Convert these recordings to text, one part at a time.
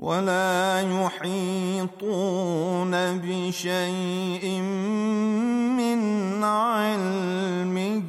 ولا يحيطون بشيء من علمه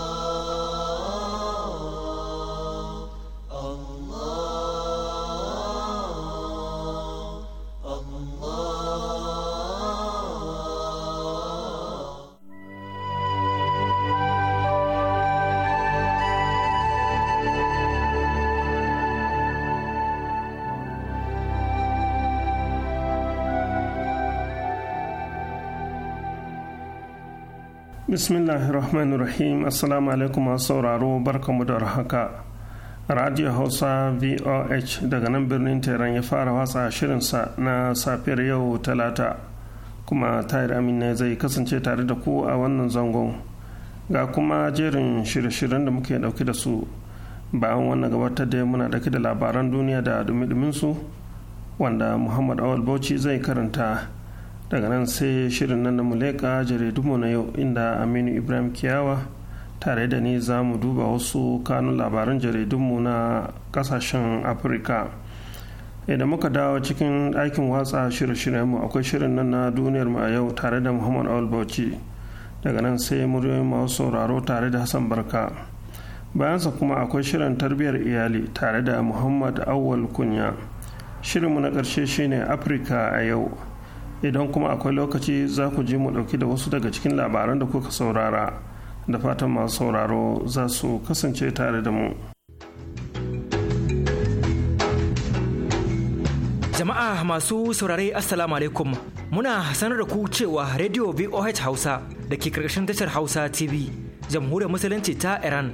bismillahirrahmanirrahim assalamu alaikum masu sauraro barkamu da haka radio hausa voh daga nan birnin tehran ya fara watsa shirinsa na safiyar yau talata kuma tahir amina zai kasance tare da ku a wannan zangon ga kuma jerin shirye-shiryen da muke dauke da su bayan wannan gabatar da muna dauke da labaran duniya da dumi-duminsu wanda muhammad awal bauchi zai karanta daga nan sai shirin nan na muleka jaridunmu na yau inda aminu ibrahim kiyawa tare da ni za mu duba wasu kanun labaran jaridunmu na kasashen afirka idan muka dawo cikin aikin watsa shirye-shiryenmu akwai shirin nan na duniyar mu a yau tare da muhammad awul bauchi daga nan sai muryoyin masu sauraro tare da hassan barka bayansa kuma akwai shirin tarbiyyar iyali tare da muhammad awal kunya shirinmu na ƙarshe shine afirka a yau idan kuma akwai lokaci za ku je mu ɗauki da wasu daga cikin labaran da kuka saurara da fatan masu sauraro za su kasance tare da mu jama'a masu saurare assalamu alaikum muna sanar da ku cewa radio voh hausa da ke karkashin tashar hausa tv jamhuriyar musulunci ta iran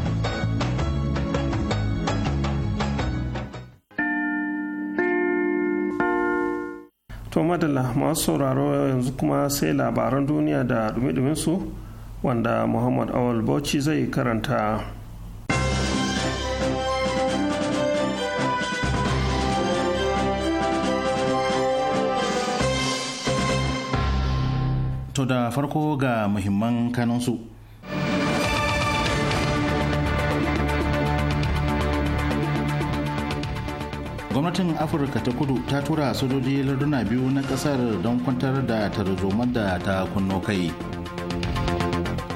to madalla masu sauraro yanzu kuma sai labaran duniya da dumi su wanda muhammad awal bauchi zai karanta to da farko ga muhimman kanunsu gwamnatin afirka ta kudu ta tura sojoji larduna biyu na kasar don kwantar da tarzoma da ta kunno kai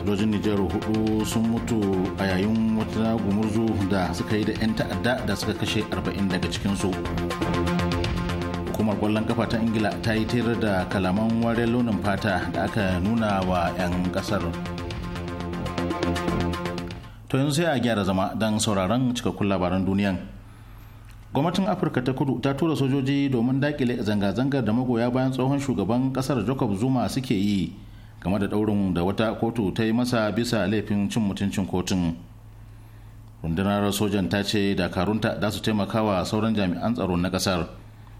sojojin nijar hudu sun mutu a yayin wata gumurzu da suka yi da 'yan ta'adda da suka kashe 40 daga cikinsu hukumar kwallon kafa ta ingila ta yi tere da kalaman wariyar launin fata da aka nuna wa 'yan kasar to yanzu sai a gyara zama don sauraron cikakkun labaran duniyan gwamnatin afirka ta kudu ta tura sojoji domin dakile zanga-zangar da magoya bayan tsohon shugaban kasar jacob zuma suke yi game da daurin da wata kotu ta yi masa bisa laifin cin mutuncin kotun rundunar sojan ta ce dakarunta za su taimaka wa sauran jami'an tsaro na kasar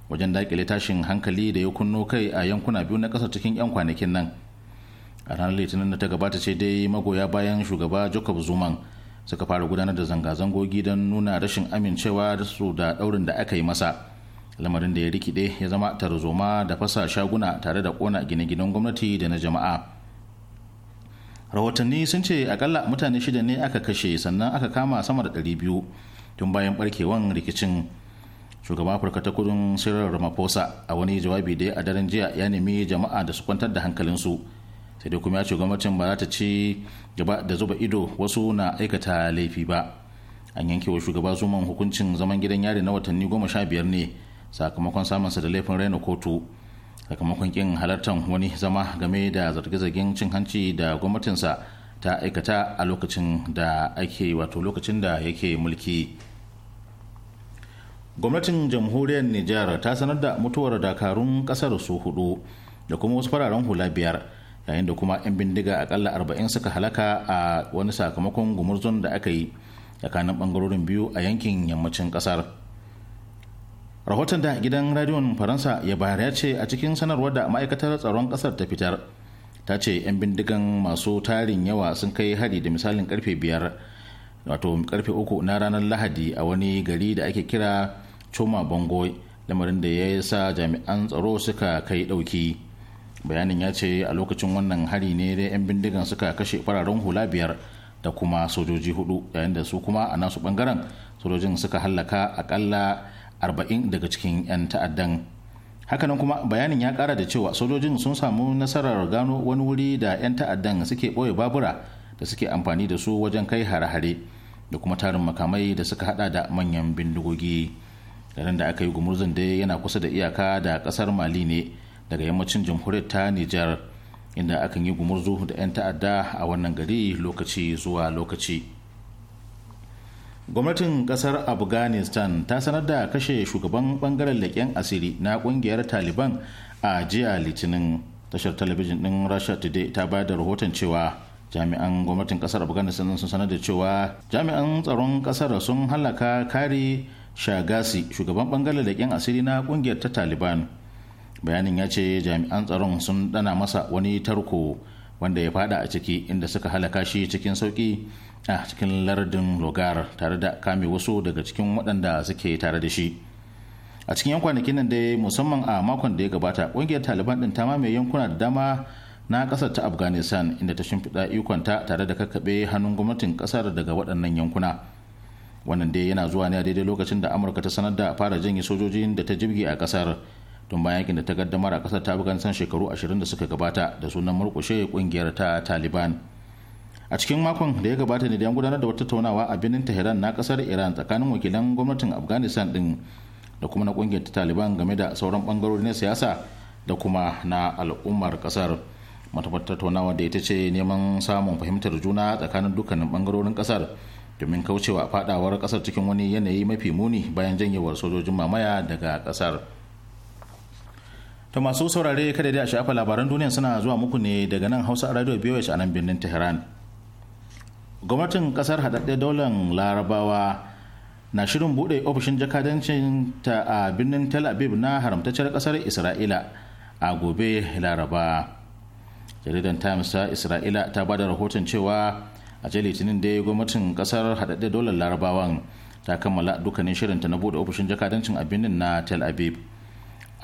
wajen dakile tashin hankali da ya kunno kai a yankuna biyu na kasar cikin 'yan kwanakin nan a ranar litinin da ta gabata ce dai magoya bayan shugaba jacob zuman suka fara gudanar da zanga-zangogi don nuna rashin amincewa da su da daurin da aka yi masa lamarin da ya rikide ya zama tarzoma da fasa shaguna tare da kona gine-ginen gwamnati da na jama'a rahotanni sun ce akalla mutane shida ne aka kashe sannan aka kama sama da ɗari biyu tun bayan barkewan rikicin shugaban afirka ta kudin sirar ramaphosa a wani jawabi da a daren jiya ya nemi jama'a da su kwantar da hankalinsu sai dai kuma ya ce gwamnatin ba za ta ci gaba da zuba ido wasu na aikata laifi ba an yanke wa shugaba zuman hukuncin zaman gidan yari na watanni goma sha biyar ne sakamakon samunsa da laifin raina kotu sakamakon kin halartar wani zama game da zarge-zargen cin hanci da gwamnatinsa ta aikata a lokacin da ake wato lokacin da yake mulki gwamnatin jamhuriyar nijar ta sanar da mutuwar dakarun kasar su hudu da kuma wasu fararen hula biyar yayin da kuma 'yan bindiga akalla 40 suka halaka a wani sakamakon gumurzun da aka yi tsakanin bangarorin biyu a yankin yammacin kasar rahoton da gidan radiyon faransa ya bayar ya ce a cikin sanarwar da ma'aikatar tsaron kasar ta fitar ta ce 'yan bindigan masu tarin yawa sun kai hari da misalin karfe biyar wato karfe uku na ranar lahadi a wani gari da ake kira choma bongoy lamarin da ya sa jami'an tsaro suka kai ɗauki. bayanin ya ce a lokacin wannan hari ne dai 'yan bindigan suka kashe fararen hula biyar da kuma sojoji hudu yayin da su kuma a nasu bangaren sojojin suka hallaka akalla arba'in daga cikin 'yan ta'addan hakanan kuma bayanin ya kara da cewa sojojin sun samu nasarar gano wani wuri da 'yan ta'addan suke ɓoye babura da suke amfani da su wajen kai hare-hare da kuma tarin makamai da suka hada da manyan bindigogi garin da aka yi gumurzun dai yana kusa da iyaka da kasar mali ne daga yammacin jamhuriyar ta Nijar inda akan yi gumurzu da 'yan ta'adda a wannan gari lokaci zuwa lokaci. Gwamnatin kasar Afghanistan ta sanar da kashe shugaban bangaren leƙen asiri na kungiyar Taliban a jiya Litinin. Tashar talabijin din Russia Today ta ba da rahoton cewa jami'an gwamnatin kasar Afghanistan sun sanar da cewa jami'an tsaron kasar sun halaka kari Shagasi shugaban bangaren leƙen asiri na kungiyar ta Taliban. bayanin ya ce jami'an tsaron sun dana masa wani tarko wanda ya fada a ciki inda suka halaka shi cikin sauki a cikin lardin logar tare da kame wasu daga cikin waɗanda suke tare da shi a cikin yan kwanakin nan dai musamman a makon da ya gabata ƙungiyar taliban ɗin ta mamaye yankuna da dama na ƙasar ta afghanistan inda ta shimfiɗa ikonta tare da kakkaɓe hannun gwamnatin ƙasar daga waɗannan yankuna wannan dai yana zuwa ne a daidai lokacin da amurka ta sanar da fara janye sojojin da ta jirgi a ƙasar tun bayan yakin da ta gaddamar a kasar ta san shekaru 20 da suka gabata da sunan murkushe kungiyar ta taliban a cikin makon da ya gabata ne da an gudanar da wata tattaunawa a birnin tehran na kasar iran tsakanin wakilan gwamnatin afghanistan din da kuma na kungiyar ta taliban game da sauran bangarori na siyasa da kuma na al'ummar kasar matafar tattaunawa da ita ce neman samun fahimtar juna tsakanin dukkanin bangarorin kasar domin kaucewa fadawar kasar cikin wani yanayi mafi muni bayan janyewar sojojin mamaya daga kasar. To masu saurare kada dai a shafa labaran duniya suna zuwa muku ne daga nan Hausa Radio BOH a nan birnin Tehran. Gwamnatin kasar haɗaɗɗe daular Larabawa na shirin buɗe ofishin jakadancin ta a birnin Tel Aviv na haramtacciyar kasar Isra'ila a gobe Laraba. Jaridan Times ta Isra'ila ta ba da rahoton cewa a jiya litinin dai gwamnatin kasar haɗaɗɗe daular Larabawan ta kammala dukkanin shirinta na buɗe ofishin jakadancin a birnin na Tel Aviv.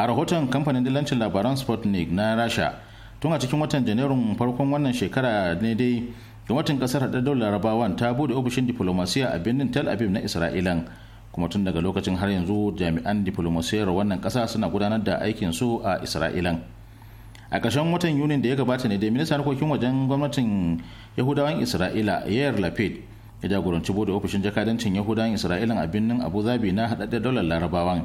a rahoton kamfanin dillancin labaran sputnik na rasha tun a cikin watan janairun farkon wannan shekara ne dai gwamnatin kasar haɗaɗɗen larabawan ta bude ofishin diplomasiya a birnin tel aviv na isra'ilan kuma tun daga lokacin har yanzu jami'an diplomasiyar wannan ƙasa suna gudanar da aikin su a isra'ilan a ƙarshen watan yunin da ya gabata ne dai ministan harkokin wajen gwamnatin yahudawan isra'ila yair lapid ya jagoranci bude ofishin jakadancin yahudawan isra'ilan a birnin abu zabi na haɗaɗɗen dalar larabawan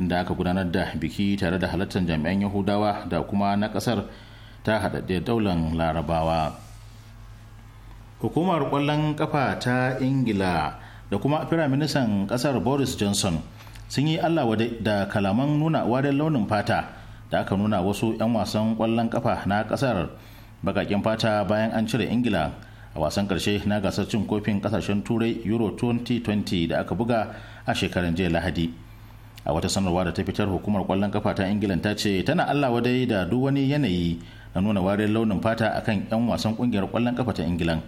inda aka gudanar da biki tare da halartar jami'an yahudawa da kuma na kasar ta haɗaɗɗe daular larabawa hukumar kwallon kafa ta ingila da kuma firaministan kasar boris johnson sun yi allah da kalaman nuna warin launin fata da aka nuna wasu 'yan wasan kwallon kafa na ƙasar bakakin fata bayan an cire ingila a wasan ƙarshe na gasar cin kofin ƙasashen turai euro 2020 da aka buga a shekaran jiya lahadi a wata sanarwa da ta fitar hukumar kwallon kafa ta ingila ta ce tana allah wadai da duk wani yanayi na nuna wariyar launin fata akan 'yan wasan kungiyar kwallon kafa ta ingila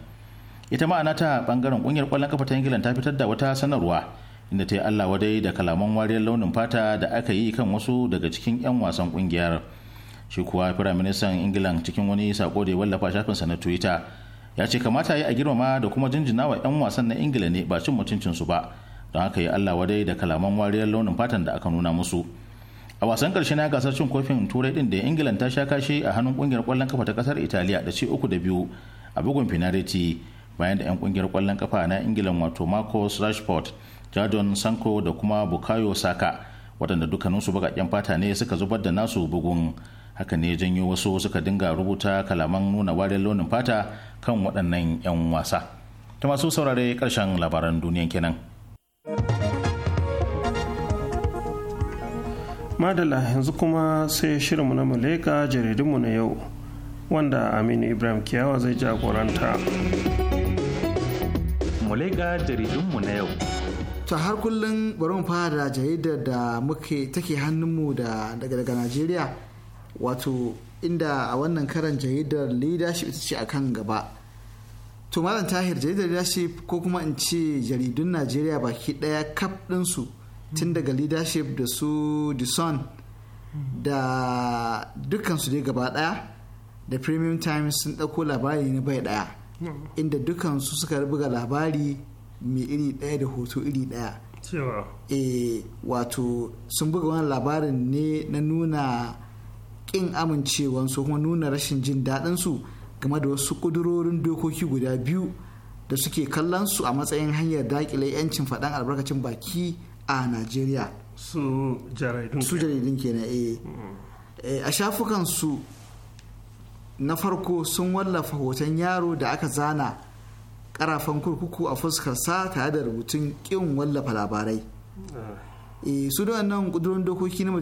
ita ma'ana ta bangaren kungiyar kwallon kafa ta ingila ta fitar da wata sanarwa inda ta yi allah wadai da kalaman wariyar launin fata da aka yi kan wasu daga cikin 'yan wasan kungiyar shi kuwa firaministan ingilan cikin wani sako da ya wallafa shafinsa na twitter ya ce kamata ya a girmama da kuma jinjina wa 'yan wasan na ingila ne ba cin mutuncinsu ba don haka yi allah wadai da kalaman wariyar launin fatan da aka nuna musu a wasan karshe na gasar cin kofin turai din da ingilan ta sha kashe a hannun kungiyar kwallon kafa ta kasar italiya da ce uku da biyu a bugun finariti bayan da 'yan kungiyar kwallon kafa na ingilan wato marcus rashford jadon sanko da kuma bukayo saka waɗanda dukkaninsu baƙaƙen fata ne suka zubar da nasu bugun haka ne janyo wasu suka dinga rubuta kalaman nuna wariyar launin fata kan waɗannan 'yan wasa ta masu saurare ƙarshen labaran duniyan kenan. madala yanzu kuma sai shirinmu na maleka jaridunmu na yau wanda aminu ibrahim kiyawa zai jagoranta maleka jaridunmu na yau ta har kullum bari mu fara da jaridar da muke take hannunmu da daga daga najeriya wato inda a wannan karan jaridar leadership ita ce kan gaba to malam tahir jaridar leadership ko kuma in ce jaridun najeriya baki daya kaf ɗinsu tun daga leadership da su the sun da dukansu dai gaba daya da premium times sun dauko labari na bai daya inda dukansu suka buga labari mai iri daya da hoto iri daya e eh, wato sun buga wani labarin ne na nuna ƙin amincewansu kuma nuna rashin jin daɗinsu su game da wasu kudurorin dokoki guda biyu da suke kallon su a matsayin hanyar dakile 'yancin faɗan albarkacin baki a najeriya su jaridun kenan eh. Eh, a shafukan su na farko sun wallafa hoton yaro da aka zana karafan kurkuku a fuskarsa tare da rubutun ƙin wallafa labarai ah. eh, su da wannan kudurorin dokoki na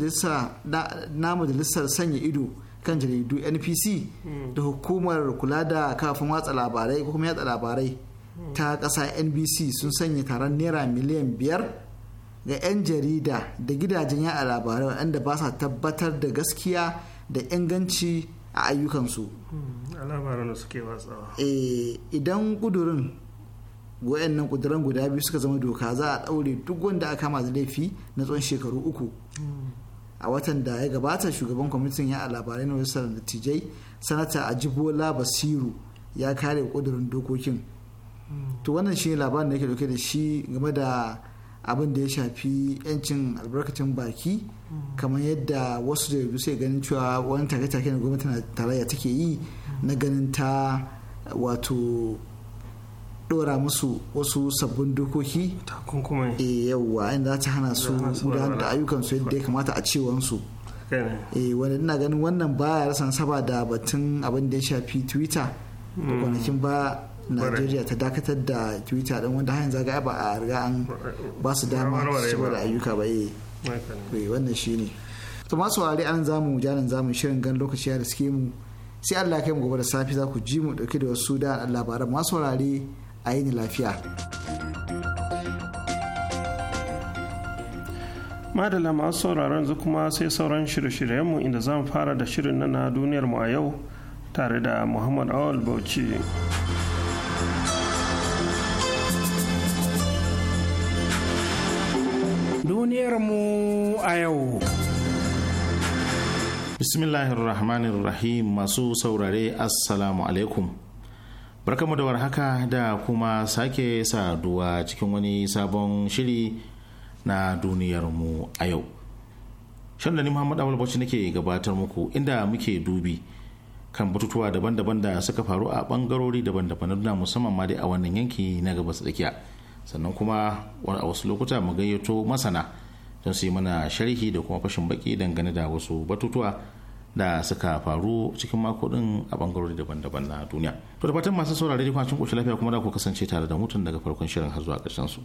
majalisar sanya ido kan jaridu npc hmm. da hukumar kula da kafin watsa labarai ko kuma yatsa labarai hmm. ta kasa nbc sun sanya taron naira miliyan biyar ga 'yan jarida da gidajen yaɗa labarai waɗanda ba sa tabbatar da gaskiya da inganci a ayyukansu hmm. eh, idan kudurin nan kuduran guda biyu suka zama doka za a ɗaure duk wanda aka kama da laifi na tsawon shekaru uku a watan da ya gabata shugaban kwamitin ya a labarai na wasu dattijai sanata ajibola basiru ya kare kudurin dokokin to wannan shi labarin da yake dauke da shi game da abin da ya shafi yancin albarkacin baki kamar yadda wasu da jaridu sai ganin cewa wani take-take na gwamnati na tarayya take yi na ganin ta wato dora musu wasu sabbin dokoki e eh, yawwa inda za ta hana su gudanar da ayyukan su yadda ya kamata a cewan su e eh, wanda ina ganin wannan baya rasa saba da batun abin da ya shafi twitter da mm. kwanakin ba nigeria ta dakatar da twitter din wanda hanyar zaga ba a riga an ba su dama su da ayyuka ba eh, eh wannan shine to masu wari an zamu janin zamu shirin gan lokaci da suke mu sai Allah ya kai mu gobe da safi za ku ji mu dauke da wasu da labaran masu wurare aini lafiya madala masu sauraron zu kuma sai sauran shirye-shiryenmu inda zan fara da shirin na na duniyar a yau tare da muhammad awal bauchi duniyar mu a yau bismillahirrahmanirrahim masu saurare assalamu alaikum barkamu da warhaka da kuma sake saduwa cikin wani sabon shiri na duniyarmu a yau shan da ni muhammadu awal nake gabatar muku inda muke dubi kan batutuwa daban-daban da suka faru a bangarori daban-daban na duniya musamman ma dai a wannan yanki na gabas tsakiya sannan kuma a wasu lokuta mu gayyato masana don su yi mana sharhi da kuma fashin baki dangane da wasu batutuwa da suka faru cikin mako din a bangarori daban-daban na duniya to da fatan masu saurare da kwacin koshin lafiya kuma da ku kasance tare da mutum daga farkon shirin har zuwa ƙarshen su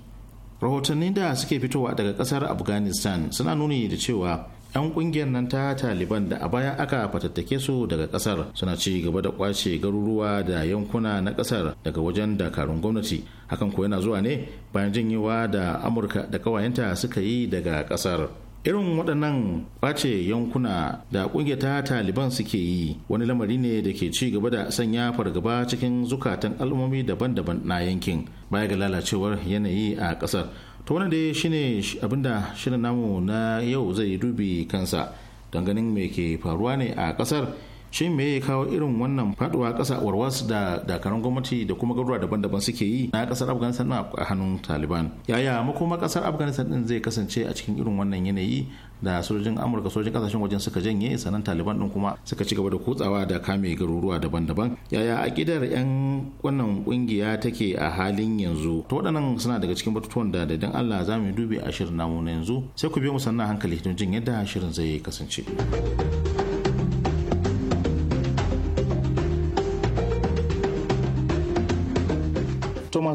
rahotanni da suke fitowa daga kasar afghanistan suna nuni da cewa 'yan kungiyar nan ta taliban da a baya aka fatattake su daga kasar suna ci gaba da kwace garuruwa da yankuna na kasar daga wajen dakarun gwamnati hakan ko yana zuwa ne bayan janyewa da amurka da kawayenta suka yi daga kasar irin waɗannan ɓace yankuna da ƙungiyar ta taliban suke yi wani lamari ne da ke ci gaba da sanya fargaba cikin zukatan al'ummomi daban-daban na yankin baya ga lalacewar yanayi a ƙasar to wani dai shine abinda shirin namu na yau zai dubi kansa don ganin me ke faruwa ne a ƙasar shin me ya kawo irin wannan faduwa ƙasa warwas da dakarun gwamnati da kuma garuruwa daban-daban suke yi na ƙasar afghanistan a hannun taliban yaya makoma ƙasar afghanistan din zai kasance a cikin irin wannan yanayi da sojojin amurka sojojin kasashen wajen suka janye sanan taliban din kuma suka ci gaba da kutsawa da kame garuruwa daban-daban yaya akidar yan wannan kungiya take a halin yanzu to waɗannan suna daga cikin batutuwan da da allah za mu dubi a shirin namu na yanzu sai ku biyo mu sannan hankali don jin yadda shirin zai kasance.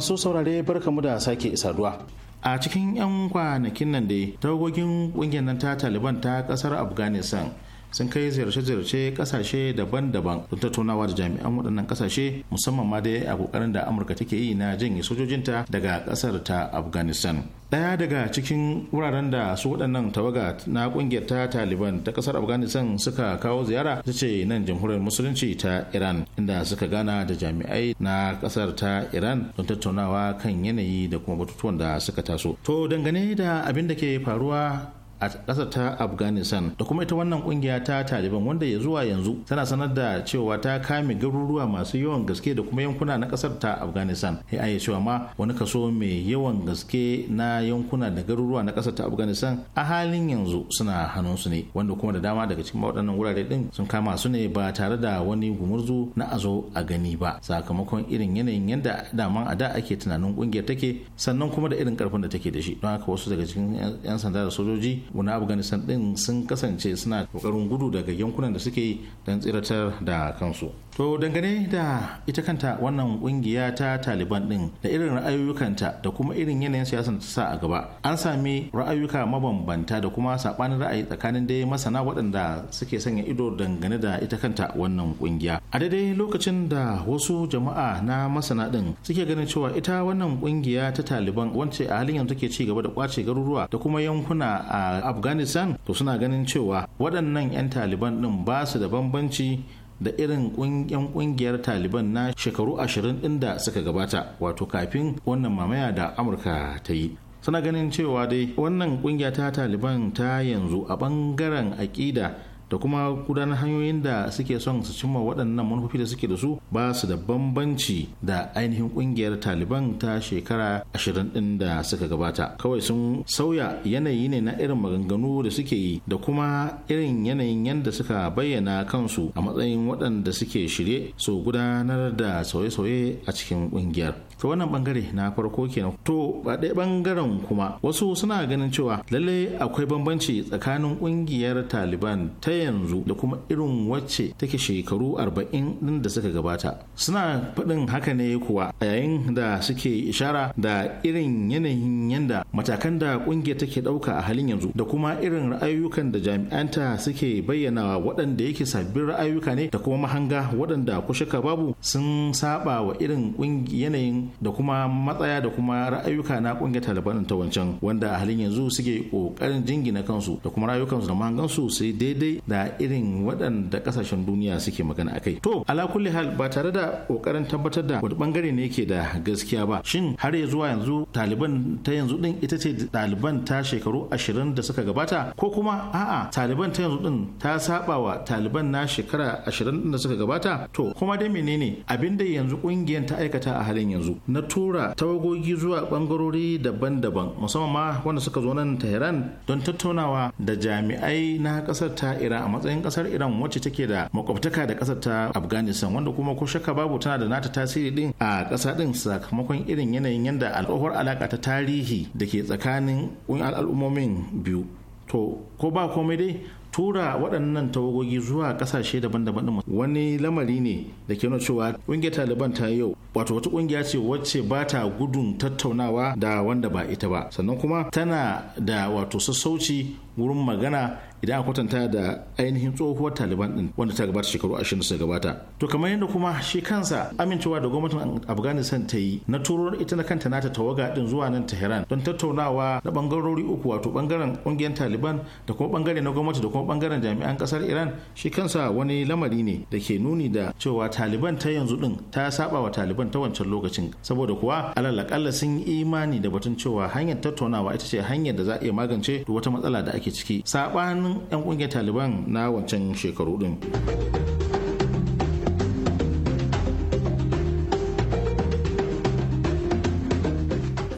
masu saurare barkamu da sake saduwa a cikin 'yan kwanakin nan dai tawagogin ƙungiyar nan ta taliban ta ƙasar afghanistan sun kai ziyarce-ziyarce kasashe daban-daban don tattaunawa da jami'an waɗannan kasashe musamman ma dai a kokarin da amurka take yi na janye sojojinta daga ƙasar ta afghanistan ɗaya daga cikin wuraren da su waɗannan tawaga na ƙungiyar ta taliban ta ƙasar afghanistan suka kawo ziyara ta ce nan jamhuriyar musulunci ta iran inda suka gana da jami'ai na ƙasar ta iran don tattaunawa kan yanayi da kuma batutuwan da suka taso to dangane da abin da ke faruwa a ƙasar ta afghanistan da kuma ita wannan kungiya ta taliban wanda ya zuwa yanzu tana sanar da cewa ta kame garuruwa masu yawan gaske da kuma yankuna na ƙasar ta afghanistan ya aya cewa ma wani kaso mai yawan gaske na yankuna da garuruwa na ƙasar ta afghanistan a halin yanzu suna hannunsu ne wanda kuma da dama daga cikin waɗannan wurare ɗin sun kama su ne ba tare da wani gumurzu na azo a gani ba sakamakon irin yanayin yadda daman a da ake tunanin kungiyar take sannan kuma da irin ƙarfin da take da shi don haka wasu daga cikin 'yan sanda da sojoji wani afghanistan din sun kasance suna kokarin gudu daga yankunan da suke don tsiratar da kansu to dangane da ita kanta wannan kungiya ta taliban din da irin ra'ayoyikanta da kuma irin yanayin siyasar ta sa a gaba an sami ra'ayoyika mabambanta da kuma sabanin ra'ayi tsakanin dai masana waɗanda suke sanya ido dangane da ita kanta wannan kungiya a daidai lokacin da wasu jama'a na masana din suke ganin cewa ita wannan kungiya ta taliban wance a halin yanzu take ci gaba da kwace garuruwa da kuma yankuna a da afghanistan to suna ganin cewa waɗannan 'yan taliban ɗin ba su da bambanci da irin yan kungiyar taliban na shekaru ashirin ɗin da suka gabata wato kafin wannan mamaya da amurka ta yi suna ganin cewa dai wannan ƙungiya ta taliban ta yanzu a ɓangaren aƙida da kuma gudanar hanyoyin da suke son su cimma waɗannan manufofi da suke da su ba su da bambanci da ainihin ƙungiyar taliban ta shekara ashirin ɗin da suka gabata kawai sun sauya yanayi ne na irin maganganu da suke yi da kuma irin yanayin yadda suka bayyana kansu a matsayin waɗanda suke shirye su gudanar da sauye-sauye a cikin ƙungiyar to wannan bangare na farko kenan to a ɗaya bangaren kuma wasu suna ganin cewa lalle akwai bambanci tsakanin ƙungiyar taliban ta yanzu da kuma irin wacce take shekaru arba'in din da suka gabata suna faɗin haka ne kuwa a yayin da suke ishara da irin yanayin yanda matakan da kungiyar take ɗauka a halin yanzu da kuma irin ra'ayyukan da jami'anta suke bayyana waɗanda yake sabbin ra'ayyuka ne da kuma mahanga waɗanda kushaka babu sun saba wa irin yanayin da kuma matsaya da kuma ra'ayuka na kungiyar taliban ta wancan wanda a halin yanzu suke kokarin jingina kansu da kuma rayukansu da mahangansu sai daidai da irin waɗanda kasashen duniya suke magana akai to ala kulli hal ba tare da kokarin tabbatar da wani bangare ne yake da gaskiya ba shin har ya zuwa yanzu taliban ta yanzu din ita ce taliban ta shekaru ashirin da suka gabata ko kuma a'a taliban ta yanzu din ta saba wa taliban na shekara ashirin da suka gabata to kuma dai menene abin da yanzu kungiyar ta aikata a halin yanzu na tura tawagogi zuwa bangarori daban-daban musamman ma wanda suka zo nan Tehran don tattaunawa da jami'ai na kasar ta Iran a matsayin kasar Iran wacce take da makwabtaka da kasar ta Afghanistan wanda kuma ko shakka babu tana da nata tasiri din a kasa din sakamakon irin yanayin yadda al'ummar alaka ta tarihi da ke tsakanin al'ummomin biyu to ko ba komai dai tura waɗannan tawagogi zuwa ƙasashe daban-daban wani lamari ne da ke nuna cewa ƙungiyar taliban ta yau wato wata ƙungiya ce wacce ba ta gudun tattaunawa da wanda ba ita ba sannan kuma tana da wato sassauci wurin magana idan a kwatanta da ainihin tsohuwar taliban din wanda ta gabata shekaru ashirin suka gabata to kamar yadda kuma shi kansa amincewa da gwamnatin afghanistan ta yi na turo ita na kanta nata tawaga din zuwa nan tehran don tattaunawa na bangarori uku wato bangaren kungiyar taliban da kuma bangare na gwamnati da kuma bangaren jami'an kasar iran shi kansa wani lamari ne da ke nuni da cewa taliban ta yanzu din ta saba wa taliban ta wancan lokacin saboda kuwa alal sun yi imani da batun cewa hanyar tattaunawa ita ce hanyar da za a iya magance wata matsala da ake ciki sabanin 'yan kungiyar taliban na wancan shekaru din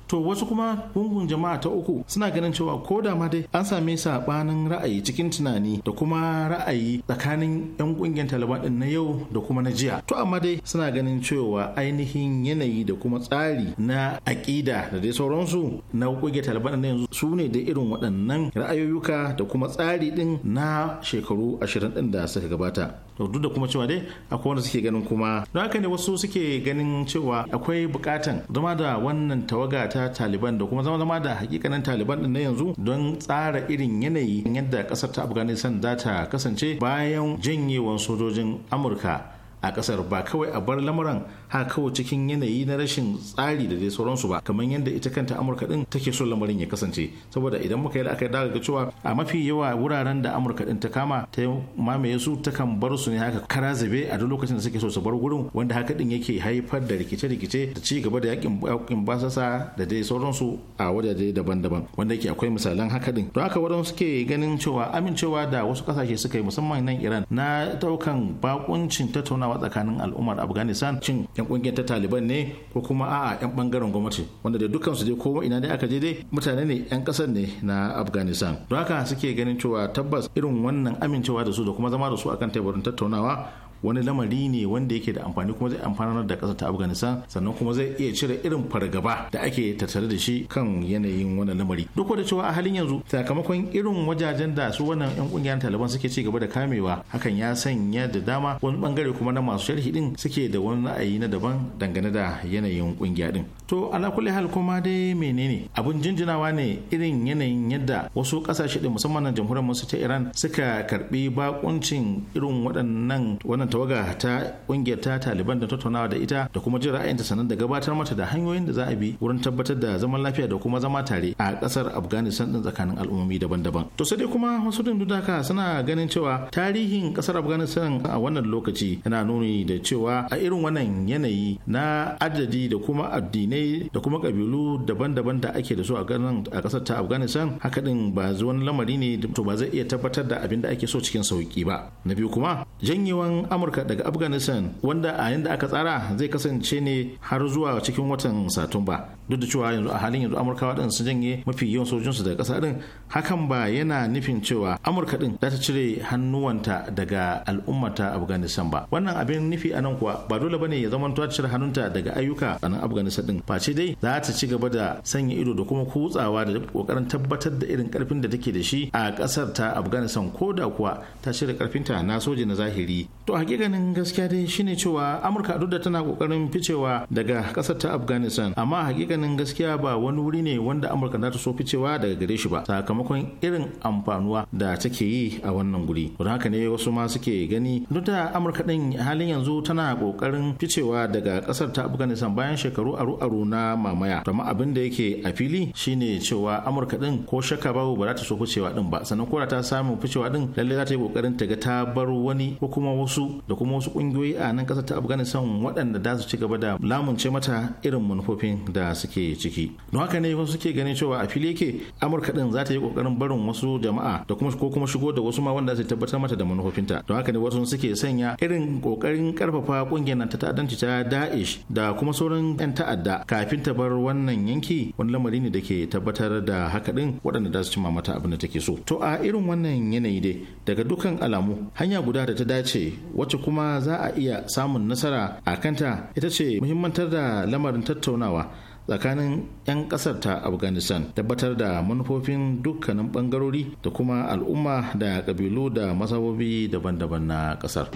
to wasu kuma gungun jama'a ta uku suna ganin cewa ko da ma dai an same sabanin ra'ayi cikin tunani da kuma ra'ayi tsakanin yan kungiyar taliban din na yau da kuma na jiya to amma dai suna ganin cewa ainihin yanayi da kuma tsari na aƙida da dai sauransu na kungiyar taliban na yanzu su ne da irin waɗannan ra'ayoyuka da kuma tsari din na shekaru ashirin din da suka gabata duk da kuma cewa dai akwai wanda suke ganin kuma don haka ne wasu suke ganin cewa akwai bukatan zama da wannan tawaga ta taliban da kuma zama zama da hakikanin taliban din na yanzu don tsara irin yanayi yadda kasar ta afghanistan za ta kasance bayan janyewan sojojin amurka a kasar ba kawai a bar lamuran ha kawai cikin yanayi na rashin tsari da dai sauransu ba kamar yadda ita kanta amurka din take so lamarin ya kasance saboda idan muka yi la'akari daga cewa a mafi yawa wuraren da amurka din ta kama ta mamaye su takan bar su ne haka kara zabe a duk lokacin da suke so su bar gurin wanda haka din yake haifar da rikice-rikice da ci gaba da yakin yakin basasa da dai sauransu a wajaje daban-daban wanda yake akwai misalan haka din don haka wadansu suke ganin cewa amincewa da wasu kasashe suka yi musamman nan iran na daukan bakuncin tattaunawa adawa tsakanin al'ummar afghanistan cin yan kungiyar ta taliban ne ko kuma a'a yan bangaren gwamnati wanda da dukkan su dai ko ina dai aka je dai mutane ne yan kasar ne na afghanistan don haka suke ganin cewa tabbas irin wannan amincewa da su da kuma zama da su akan teburin tattaunawa wani lamari ne wanda yake da amfani kuma zai amfanar da kasar ta afghanistan sannan kuma zai iya cire irin fargaba da ake tattare da shi kan yanayin wannan lamari duk da cewa a halin yanzu sakamakon irin wajajen da su wannan yan kungiyar taliban suke ci gaba da kamewa hakan ya sanya da dama wani bangare kuma na masu sharhi din suke da wani ra'ayi na daban dangane da yanayin kungiya din to ala kulli hal kuma dai menene abun jinjinawa ne irin yanayin yadda wasu kasashe din musamman na jamhuriyar musu ta iran suka karbi bakuncin irin waɗannan wannan tawaga ta kungiyar ta taliban da tattaunawa da ita da kuma jin ra'ayinta sannan da gabatar mata da hanyoyin da za a bi wurin tabbatar da zaman lafiya da kuma zama tare a kasar afghanistan din tsakanin al'ummomi daban-daban to sai dai kuma wasu din dudaka suna ganin cewa tarihin kasar afghanistan a wannan lokaci yana nuni da cewa a irin wannan yanayi na adadi da kuma addinai da kuma kabilu daban-daban da ake da su a ganin a kasar ta afghanistan haka din ba wani lamari ne to ba zai iya tabbatar da abin da ake so cikin sauki ba na biyu kuma janyewan amurka daga afghanistan wanda a yanda aka tsara zai kasance ne har zuwa cikin watan satumba duk da cewa yanzu a halin yanzu amurkawa din sun janye mafi yawan sojojinsu daga ƙasa din hakan ba yana nufin cewa amurka din za ta cire hannuwanta daga al'ummata afghanistan ba wannan abin nufi a nan kuwa ba dole bane ya zama ta cire hannunta daga ayyuka a nan afghanistan din face dai za ta ci gaba da sanya ido da kuma kutsawa da kokarin tabbatar da irin karfin da take da shi a ƙasar ta afghanistan ko da kuwa ta cire karfinta na soja na zahiri to hakikanin gaskiya dai shine cewa amurka duk da tana kokarin ficewa daga ƙasar ta afghanistan amma hakikanin hakikanin gaskiya ba wani wuri ne wanda amurka za ta so ficewa daga gare shi ba sakamakon irin amfanuwa da take yi a wannan guri don haka ne wasu ma suke gani duk da amurka din halin yanzu tana kokarin ficewa daga kasar ta afghanistan bayan shekaru aru aru na mamaya amma abin da yake a fili shine cewa amurka din ko Shaka babu ba za ta so ficewa din ba sannan ko ta samu ficewa din lalle za ta yi kokarin ta ga ta bar wani ko kuma wasu da kuma wasu kungiyoyi a nan kasar ta afghanistan waɗanda za su ci gaba da lamunce mata irin manufofin da suke ciki don haka ne wasu suke ganin cewa a fili yake amurka din za ta yi kokarin barin wasu jama'a da kuma ko kuma shigo da wasu ma wanda zai tabbatar mata da manufofinta don haka ne wasu suke sanya irin kokarin karfafa kungiyar nan ta tadanci ta da'ish da kuma sauran yan ta'adda kafin ta bar wannan yanki wani lamari ne da ke tabbatar da haka din waɗanda za su cima mata abin da take so to a irin wannan yanayi dai daga dukkan alamu hanya guda da ta dace wacce kuma za a iya samun nasara a kanta ita ce muhimmantar da lamarin tattaunawa tsakanin 'yan kasar ta afghanistan tabbatar da manufofin dukkanin bangarori da kuma al'umma da kabilu da masabobi daban-daban na kasar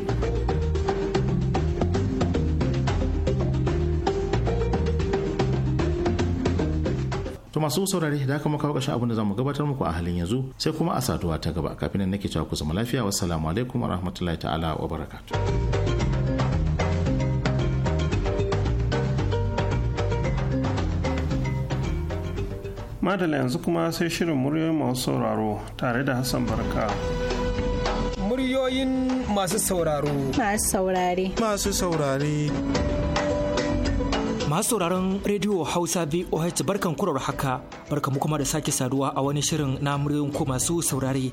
to masu saurare da aka makawa kashin abin da zamu gabatar muku a halin yanzu sai kuma a saduwa ta gaba kafin nan nake cewa ku zama lafiya wassalamu alaikum warahmatullahi ta'ala wa barakatuh madala yanzu kuma sai shirin muryoyin masu sauraro tare da hassan barka muryoyin masu sauraro masu saurare masu saurare masu sauraron rediyo hausa voh barkan kurar haka mu kuma da sake saduwa a wani shirin na muryoyin ko masu saurare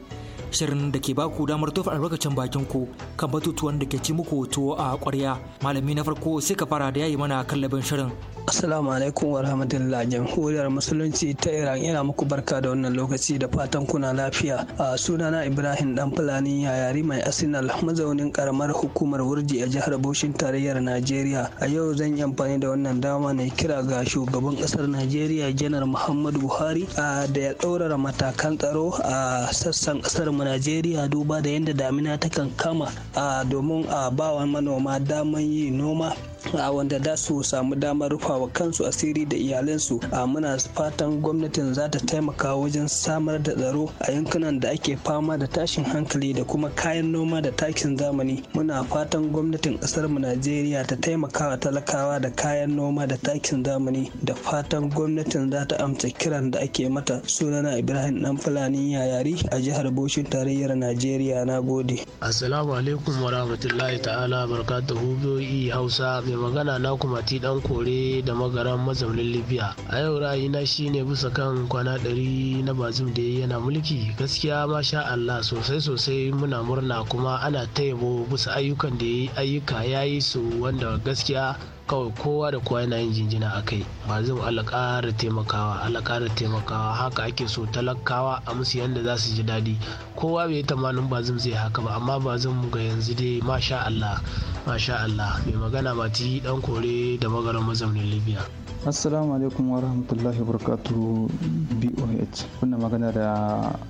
shirin da ke baku damar tofa albarkacin bakin ku kan batutuwan da ke ci muku tuwo a ƙwarya. Malami na farko sai ka fara da yayi mana kallabin shirin. Assalamu alaikum wa rahmatullahi jamhuriyar musulunci ta Iran yana muku barka da wannan lokaci da fatan kuna lafiya. A sunana Ibrahim Dan Fulani yayari mai Arsenal mazaunin karamar hukumar Wurji a jihar boshin tarayyar Najeriya. A yau zan yi amfani da wannan dama na kira ga shugaban kasar Najeriya Janar Muhammadu Buhari da ya ɗaurara matakan tsaro a sassan kasar mu Najeriya duba da yadda damina takan kama domin a bawa manoma daman yin noma wanda za su samu damar rufawa kansu asiri da iyalansu a muna fatan gwamnatin za ta taimaka wajen samar da tsaro a yankunan da ake fama da tashin hankali da kuma kayan noma da takin zamani muna fatan gwamnatin kasar mu najeriya ta taimaka wa talakawa da kayan noma da takin zamani da fatan gwamnatin za ta amsa kiran da ake mata sunana ibrahim dan fulani yayari a jihar bauchi tarayyar najeriya na gode assalamu alaikum wa ta'ala barakatuhu yi hausa mai magana na kumati dan kore da magaran mazaunin libya a yau ra'ayina shine bisa kan kwana ɗari na bazum da yana mulki gaskiya masha allah sosai sosai muna murna kuma ana ta yabo bisa ayyukan da ya yi ayyuka ya yi su wanda gaskiya kawai kowa da kowa yana yin jinjina a kai bazum Allah ƙara taimakawa Allah taimakawa haka ake so talakawa a musu yadda za su ji daɗi kowa bai yi tamanin ba zai haka ba amma ba mu ga yanzu dai masha Allah masha Allah mai magana ba ta yi dan kore da magarin mazaunin Libya. assalamu alaikum wa rahmatullahi wa barakatuhu boh kuna magana da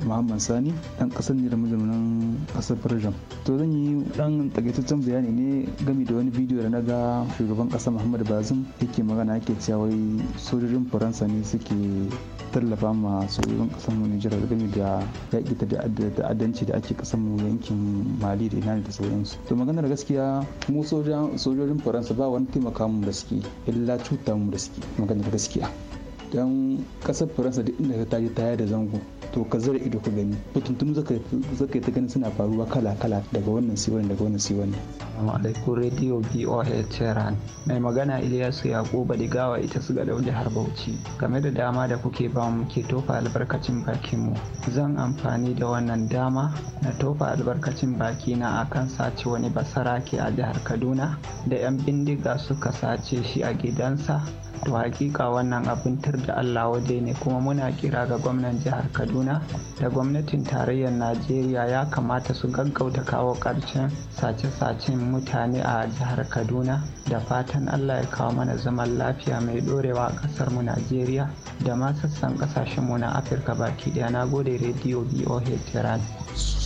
muhammad sani ɗan ƙasar ne da mazaunin ƙasar firjam to zan yi ɗan takaitaccen bayani ne game da wani bidiyo da na ga shugaban ƙasar muhammad bazum yake magana yake cewa wai sojojin faransa ne suke tallafa ma sojojin kasar mu Nijar game da yaƙi da ta'addanci da ake kasar mu yankin Mali da Inani da sauransu to maganar gaskiya mu sojojin Faransa ba wani taimaka mu da suke illa cuta mu da suke maganar gaskiya don kasar faransa duk inda ta taji ta da zango to ka zira ido ka gani tuntun zaka ta gani suna faruwa kala kala daga wannan sai daga wannan sai wannan assalamu radio mai magana ya yakuba digawa ita su ga jihar bauchi game da dama da kuke ba mu ke tofa albarkacin bakin mu zan amfani da wannan dama na tofa albarkacin baki na akan sace wani basarake a jihar kaduna da yan bindiga suka sace shi a gidansa to hakika wannan abin tur da allah waje ne kuma muna kira ga gwamnan jihar kaduna da gwamnatin tarayyar najeriya ya kamata su gaggauta kawo karshen sace-sacen mutane a jihar kaduna da fatan allah ya kawo mana zaman lafiya mai dorewa a ƙasar mu najeriya da ma sassan ƙasashen mu na afirka baki ɗaya na gode rediyo boh Terrace.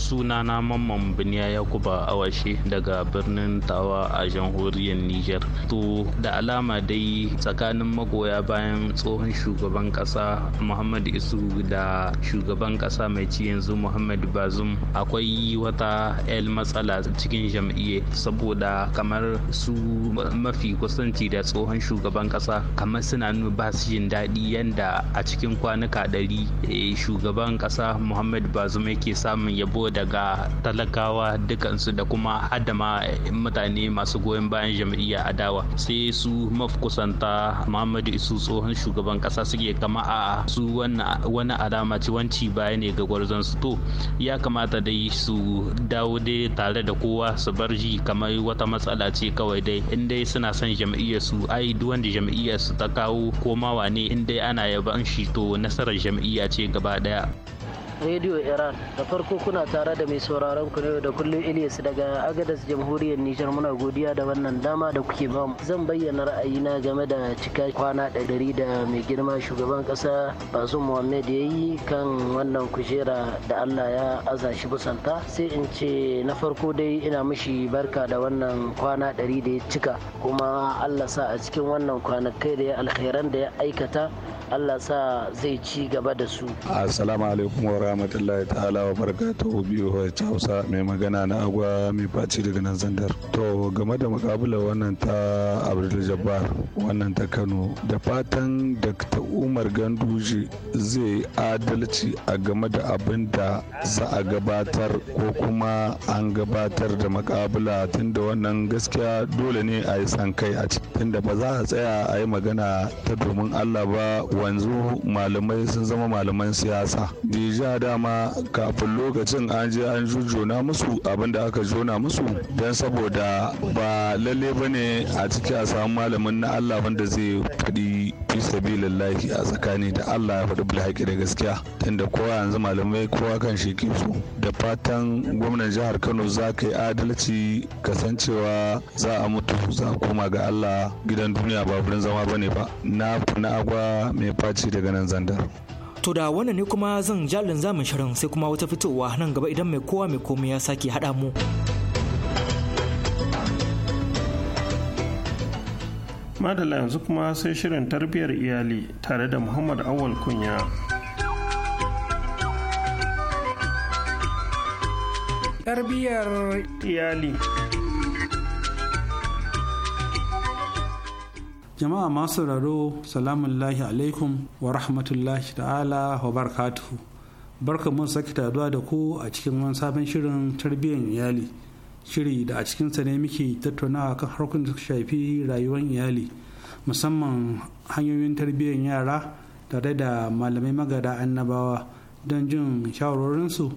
sunana mamman biniya yakuba awashe daga birnin tawa a jamhuriyar niger to da alama dai tsakanin magoya bayan tsohon shugaban kasa muhammad isu da shugaban kasa mai ci yanzu muhammad bazum akwai wata el matsala cikin jam'iyya saboda kamar su mafi kusanci da tsohon shugaban kasa kamar suna nuna ba su jin daɗi yanda a cikin kwanuka ɗari eh, shugaban kasa muhammad bazum yake samun yabo da daga talakawa dukansu da kuma adama mutane masu goyon bayan jam'iyya adawa sai su mafkusanta muhammadu isu tsohon shugaban kasa suke kama a su wani alama ci wanci baya ne ga gwarzon su to ya kamata dai su dawo dai tare da kowa su bar ji kamar wata matsala ce kawai dai in dai suna son jam'iyyar su ai duk wanda jam'iyyar su ta kawo komawa ne in dai ana yaban shi to nasarar jam'iyya ce gaba daya Radio Iran. Da farko kuna tare da mai sauraron ku da kullum Ilyas daga Agadas Jamhuriyar Nijar muna godiya da wannan dama da kuke bamu. Zan bayyana ra'ayina game da cika kwana ɗari da mai girma shugaban ƙasa Bazum Muhammad ya yi kan wannan kujera da Allah ya aza shi busanta. Sai in ce na farko dai ina mishi barka da wannan kwana ɗari da ya cika kuma Allah sa a cikin wannan kwanakai da ya alkhairan da ya aikata Allah sa zai ci gaba da su. Assalamu alaikum wa rahmatullahi ta'ala wa barakatuhu biyu wacce hausa mai magana na agwa mai faci daga nan zandar to game da mukabular wannan ta abdul jabbar wannan ta kano da fatan dr umar ganduje zai adalci a game da abin da za a gabatar ko kuma an gabatar da mukabula tunda wannan gaskiya dole ne a yi san kai a ciki tunda ba za a tsaya a yi magana ta domin allah ba wanzu malamai sun zama malaman siyasa dija dama kafin lokacin an je an jujjona musu abin da aka jona musu don saboda ba lalle ba ne a ciki a samu malamin na Allah wanda zai faɗi fi lallahi a tsakani da Allah ya faɗi bilhaki da gaskiya tunda kowa yanzu malamai kowa kan sheki su da fatan gwamnan jihar Kano za ka yi adalci kasancewa za a mutu za a koma ga Allah gidan duniya ba zama ba ne ba na na agwa mai faci daga nan zandar. To da wannan ne kuma zan jalin zamun shirin sai kuma wata fitowa nan gaba idan mai kowa mai komai ya sake haɗa mu. Madala yanzu kuma sai shirin tarbiyyar iyali tare da Muhammad Awal Kunya. Tarbiyyar iyali. jama'a masu sauraro salamun lahi alaikum wa rahmatullahi ta'ala wa barakatuhu barka mun sake taduwa da ku a cikin wani sabon shirin tarbiyyar iyali shiri da a cikinsa ne muke tattaunawa kan harkokin da shafi rayuwar iyali musamman hanyoyin tarbiyyar yara tare da malamai magada annabawa don jin shawarorinsu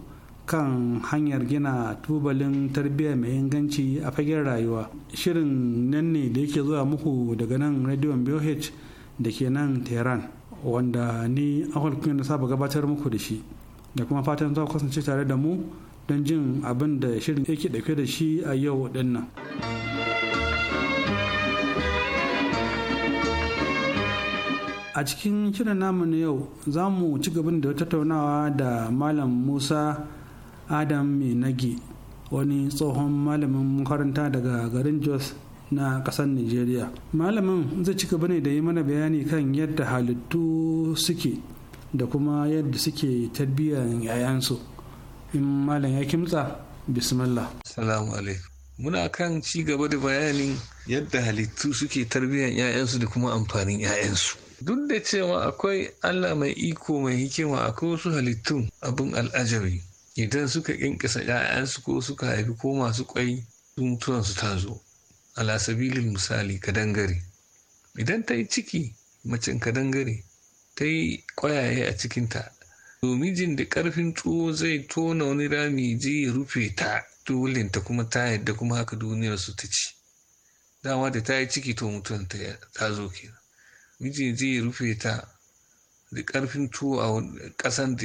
kan hanyar gina tubalin tarbiyya mai inganci a fagen rayuwa shirin nan ne da yake zuwa muku daga nan radio BOH da ke nan tehran wanda ni awal kuma na saba gabatar muku da shi da kuma fatan za ku kasance tare da mu don jin abin da shirin yake dauke da shi a yau dinnan. a cikin shirin namu na yau za mu ci gaban da tattaunawa da malam musa adam mai wani tsohon malamin makaranta daga garin jos na kasar nigeria malamin zai ci gaba ne da yi mana bayani kan yadda halittu suke da kuma yadda suke tarbiyyar yayansu in malam ya kimtsa bismillah salamu alaikum muna kan ci gaba da bayanin yadda halittu suke tarbiyyar yayansu da kuma amfanin yayansu duk da cewa akwai allah mai iko mai hikima akwai wasu halittun abin al'ajabi idan suka ƙinƙisa ‘ya'yansu ko suka haifi ko masu ƙwai su ta zo alasabilin misali kadangare idan ta yi ciki macen kadangare ta yi ƙwayaye a cikinta to mijin da ƙarfin tuwo zai tona wani rami je ya rufe ta ta kuma ta yadda kuma haka duniyar su ta ci dama da ta yi ciki to mutuwan ta zo kenan mijin zai rufe ta da karfin tuwo a kasan da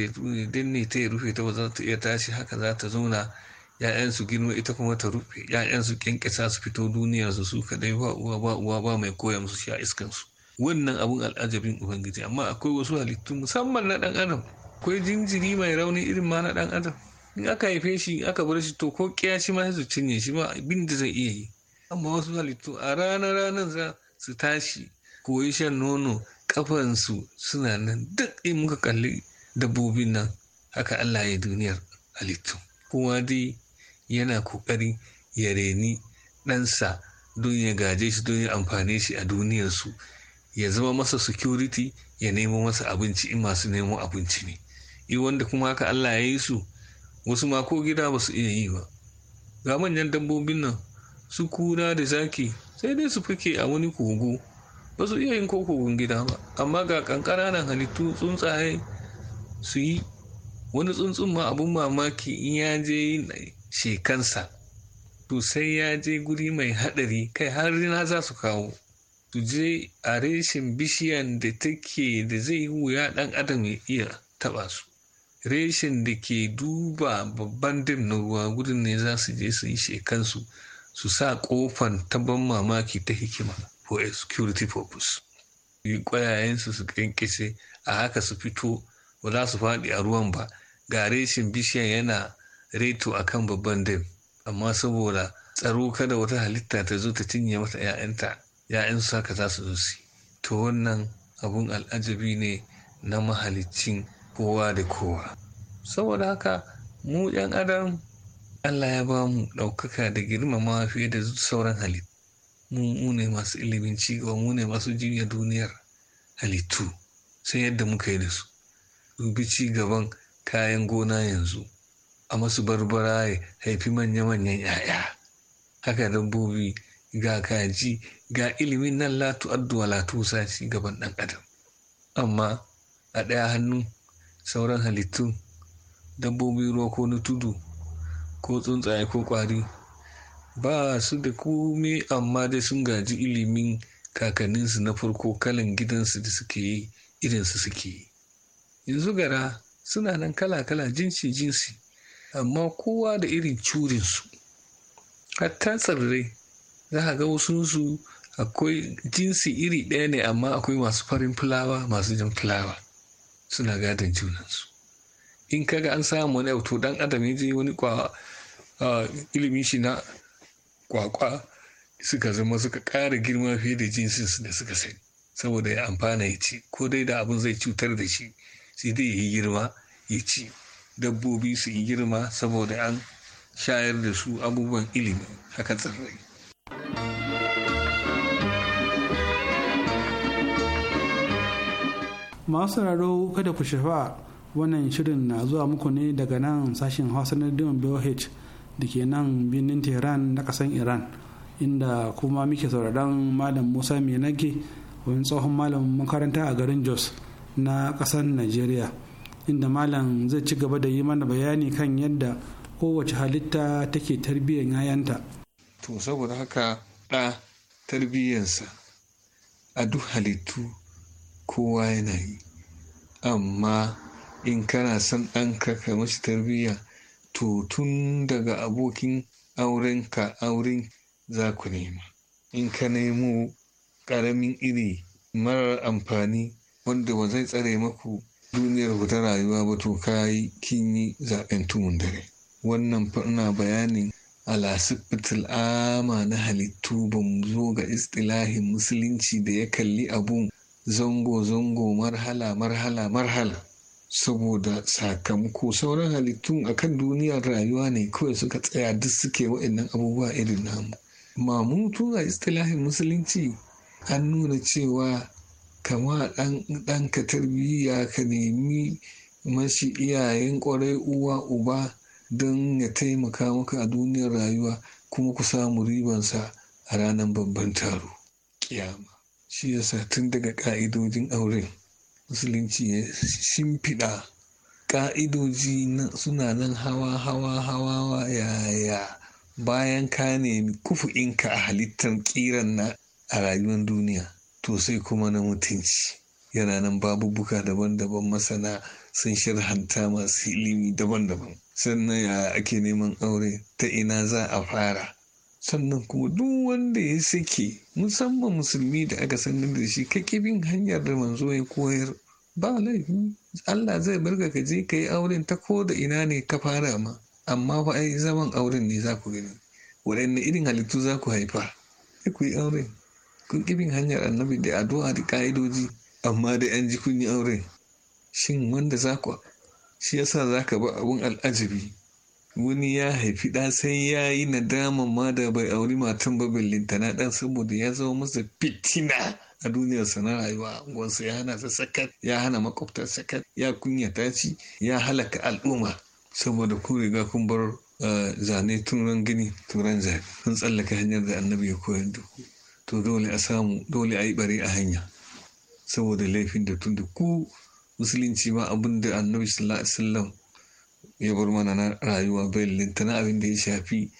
danne ta ya rufe ta ba za ta iya tashi haka za ta zauna ya'yan su girma ita kuma ta rufe ya'yan su kyankyasa su fito duniya su su kadai ba uwa ba uwa ba mai koya musu sha iskan su wannan abun al'ajabin ubangiji amma akwai wasu halittu musamman na dan adam akwai jinjiri mai rauni irin ma na dan adam in aka haife shi aka bar shi to ko shi ma su cinye shi ba abin da zai iya yi amma wasu halittu a ranar ranar za su tashi koyi shan nono kafansu suna nan duk in muka kalli dabbobin nan haka Allah ya duniyar halittu Kuma dai yana kokari ya reni ɗansa don ya gaje shi don ya amfane shi a duniyarsu ya zama masa security ya nemo masa abinci in masu nemo abinci ne i wanda kuma haka Allah ya yi su wasu ma ko gida ba su iya yi ba ga manyan dabbobin nan su kura da zaki sai dai su fake a wani kogo ba su iya yin kokogon gida ba amma ga kankananan halittu tsuntsaye su yi wani tsuntsun ma abun mamaki in ya je yin shekansa to sai ya je guri mai haɗari kai har na za su kawo su je a reshen bishiyan da take da zai yi wuya ɗan adam ya iya taɓa su reshen da ke duba babban dim na ruwa gudun ne za su je su yi shekansu su sa ƙofan ta ban mamaki ta hikima for a security purpose ƙwayayensu su ƙyanƙyashe a haka su fito ba za su faɗi a ruwan ba ga reshin bishiyan yana reto a kan babban dam amma saboda tsaro kada wata halitta ta zo ta cinye mata 'ya'yanta 'ya'yansu haka za su zo su to wannan abun al'ajabi ne na mahalicin kowa da kowa saboda haka mu 'yan adam allah ya ba mu ɗaukaka da girmama fiye da sauran halittu Mun ne masu ilimin cigaba mu ne masu jinya duniyar halittu sai yadda muka yi da su dubi ci gaban kayan gona yanzu a masu barbara ya haifi manya-manyan 'ya'ya haka dabbobi ga kaji ga ilimin nan latu addu'a latu ci gaban ɗan adam amma a ɗaya hannu sauran halittu dabbobi ruwa ko na tudu ko tsuntsaye ko ƙwari ba su da komai amma dai sun gaji ilimin kakanninsu na farko kalan gidansu da suke yi irinsu suke yi yanzu gara suna nan kala-kala jinsi-jinsi amma kowa da irin curinsu hatta tsirrai za a ga wasunsu akwai jinsi iri ɗaya ne amma akwai masu farin fulawa masu jan fulawa suna gadon junansu in kaga an samu wani to dan adam ya je wani kwa ilimin shi na kwakwa suka zama suka ƙara girma fiye da jinsin da suka sani saboda ya amfana ya ci ko dai da abin zai cutar da shi sai dai ya yi girma ya ci dabbobi su yi girma saboda an shayar da su abubuwan ilimi haka tsirrai masu raro kada ku shafa wannan shirin na zuwa muku ne daga nan sashen hausa na dion BOH da ke nan birnin tehran na kasan iran inda kuma muke sauraron malam musa mai nage wani tsohon malamin makaranta a garin jos na kasan nigeria inda malam zai ci gaba da yi mana bayani kan yadda kowace halitta take tarbiyyar 'ya'yanta to saboda haka ɗa tarbiyyarsa a duk halittu kowa yana yi amma in kana son ɗanka ka mashi tarbiyya to tun daga abokin aurenka auren za ku nema in ka nemo ƙaramin iri marar amfani wanda ba zai tsare maku duniyar ku ta rayuwa ba to ka yi kin yi zaɓen tumun dare wannan ina bayanin ala sifitil ama na halittu ba mu zo ga istilahin musulunci da ya kalli abun zango-zango marhala marhala marhala saboda sakamako sauran halittun a kan duniyar rayuwa ne kawai suka tsaya duk suke wa'annan abubuwa irin namu mamutu a istilahin musulunci an nuna cewa kama ɗan ka tarbiyya ka nemi mashi iyayen ƙwarai uwa uba don ya taimaka maka a duniyar rayuwa kuma ku samu ribansa a ranar babban taro Ƙiyama shi yasa tun daga ƙa'idojin auren musulunci ya shimfiɗa ƙa'idoji suna nan hawa hawa hawa yaya bayan ka nemi kufu'inka a halittar ƙiran na a rayuwar duniya to sai kuma na mutunci yana nan babubuka daban-daban masana sun sharhanta masu ilimi daban-daban sannan ya ake neman aure ta ina za a fara sannan kuma duk wanda ya sake musamman musulmi da aka sanar da shi ka bin hanyar da manzo ya koyar ba laifi Allah zai barka ka je ka yi auren ta ko da ina ne ka fara ma amma fa ai zaman auren ne za ku gani waɗanne irin halittu za ku haifa sai ku yi auren kun bin hanyar annabi da addu'a da ka'idoji amma da an ji kun yi auren shin wanda za ku shi yasa za ka ba abun al'ajabi wani ya haifi ɗan sai ya yi nadama ma da bai auri matan ba na ɗan saboda ya zama masa fitina a duniyarsa na rayuwa wasu ya hana sa sakat ya hana makwabta sakat ya kunya shi ya halaka al'umma saboda ku riga kun bar eh, zane turan gini turan zane sun tsallaka hanyar da annabi ya koyar da ku to dole a samu dole a yi bare a hanya saboda laifin da tun da ku musulunci ma abin da annabi sallallahu alaihi wasallam ya bar mana na rayuwa bellin na abin da ya shafi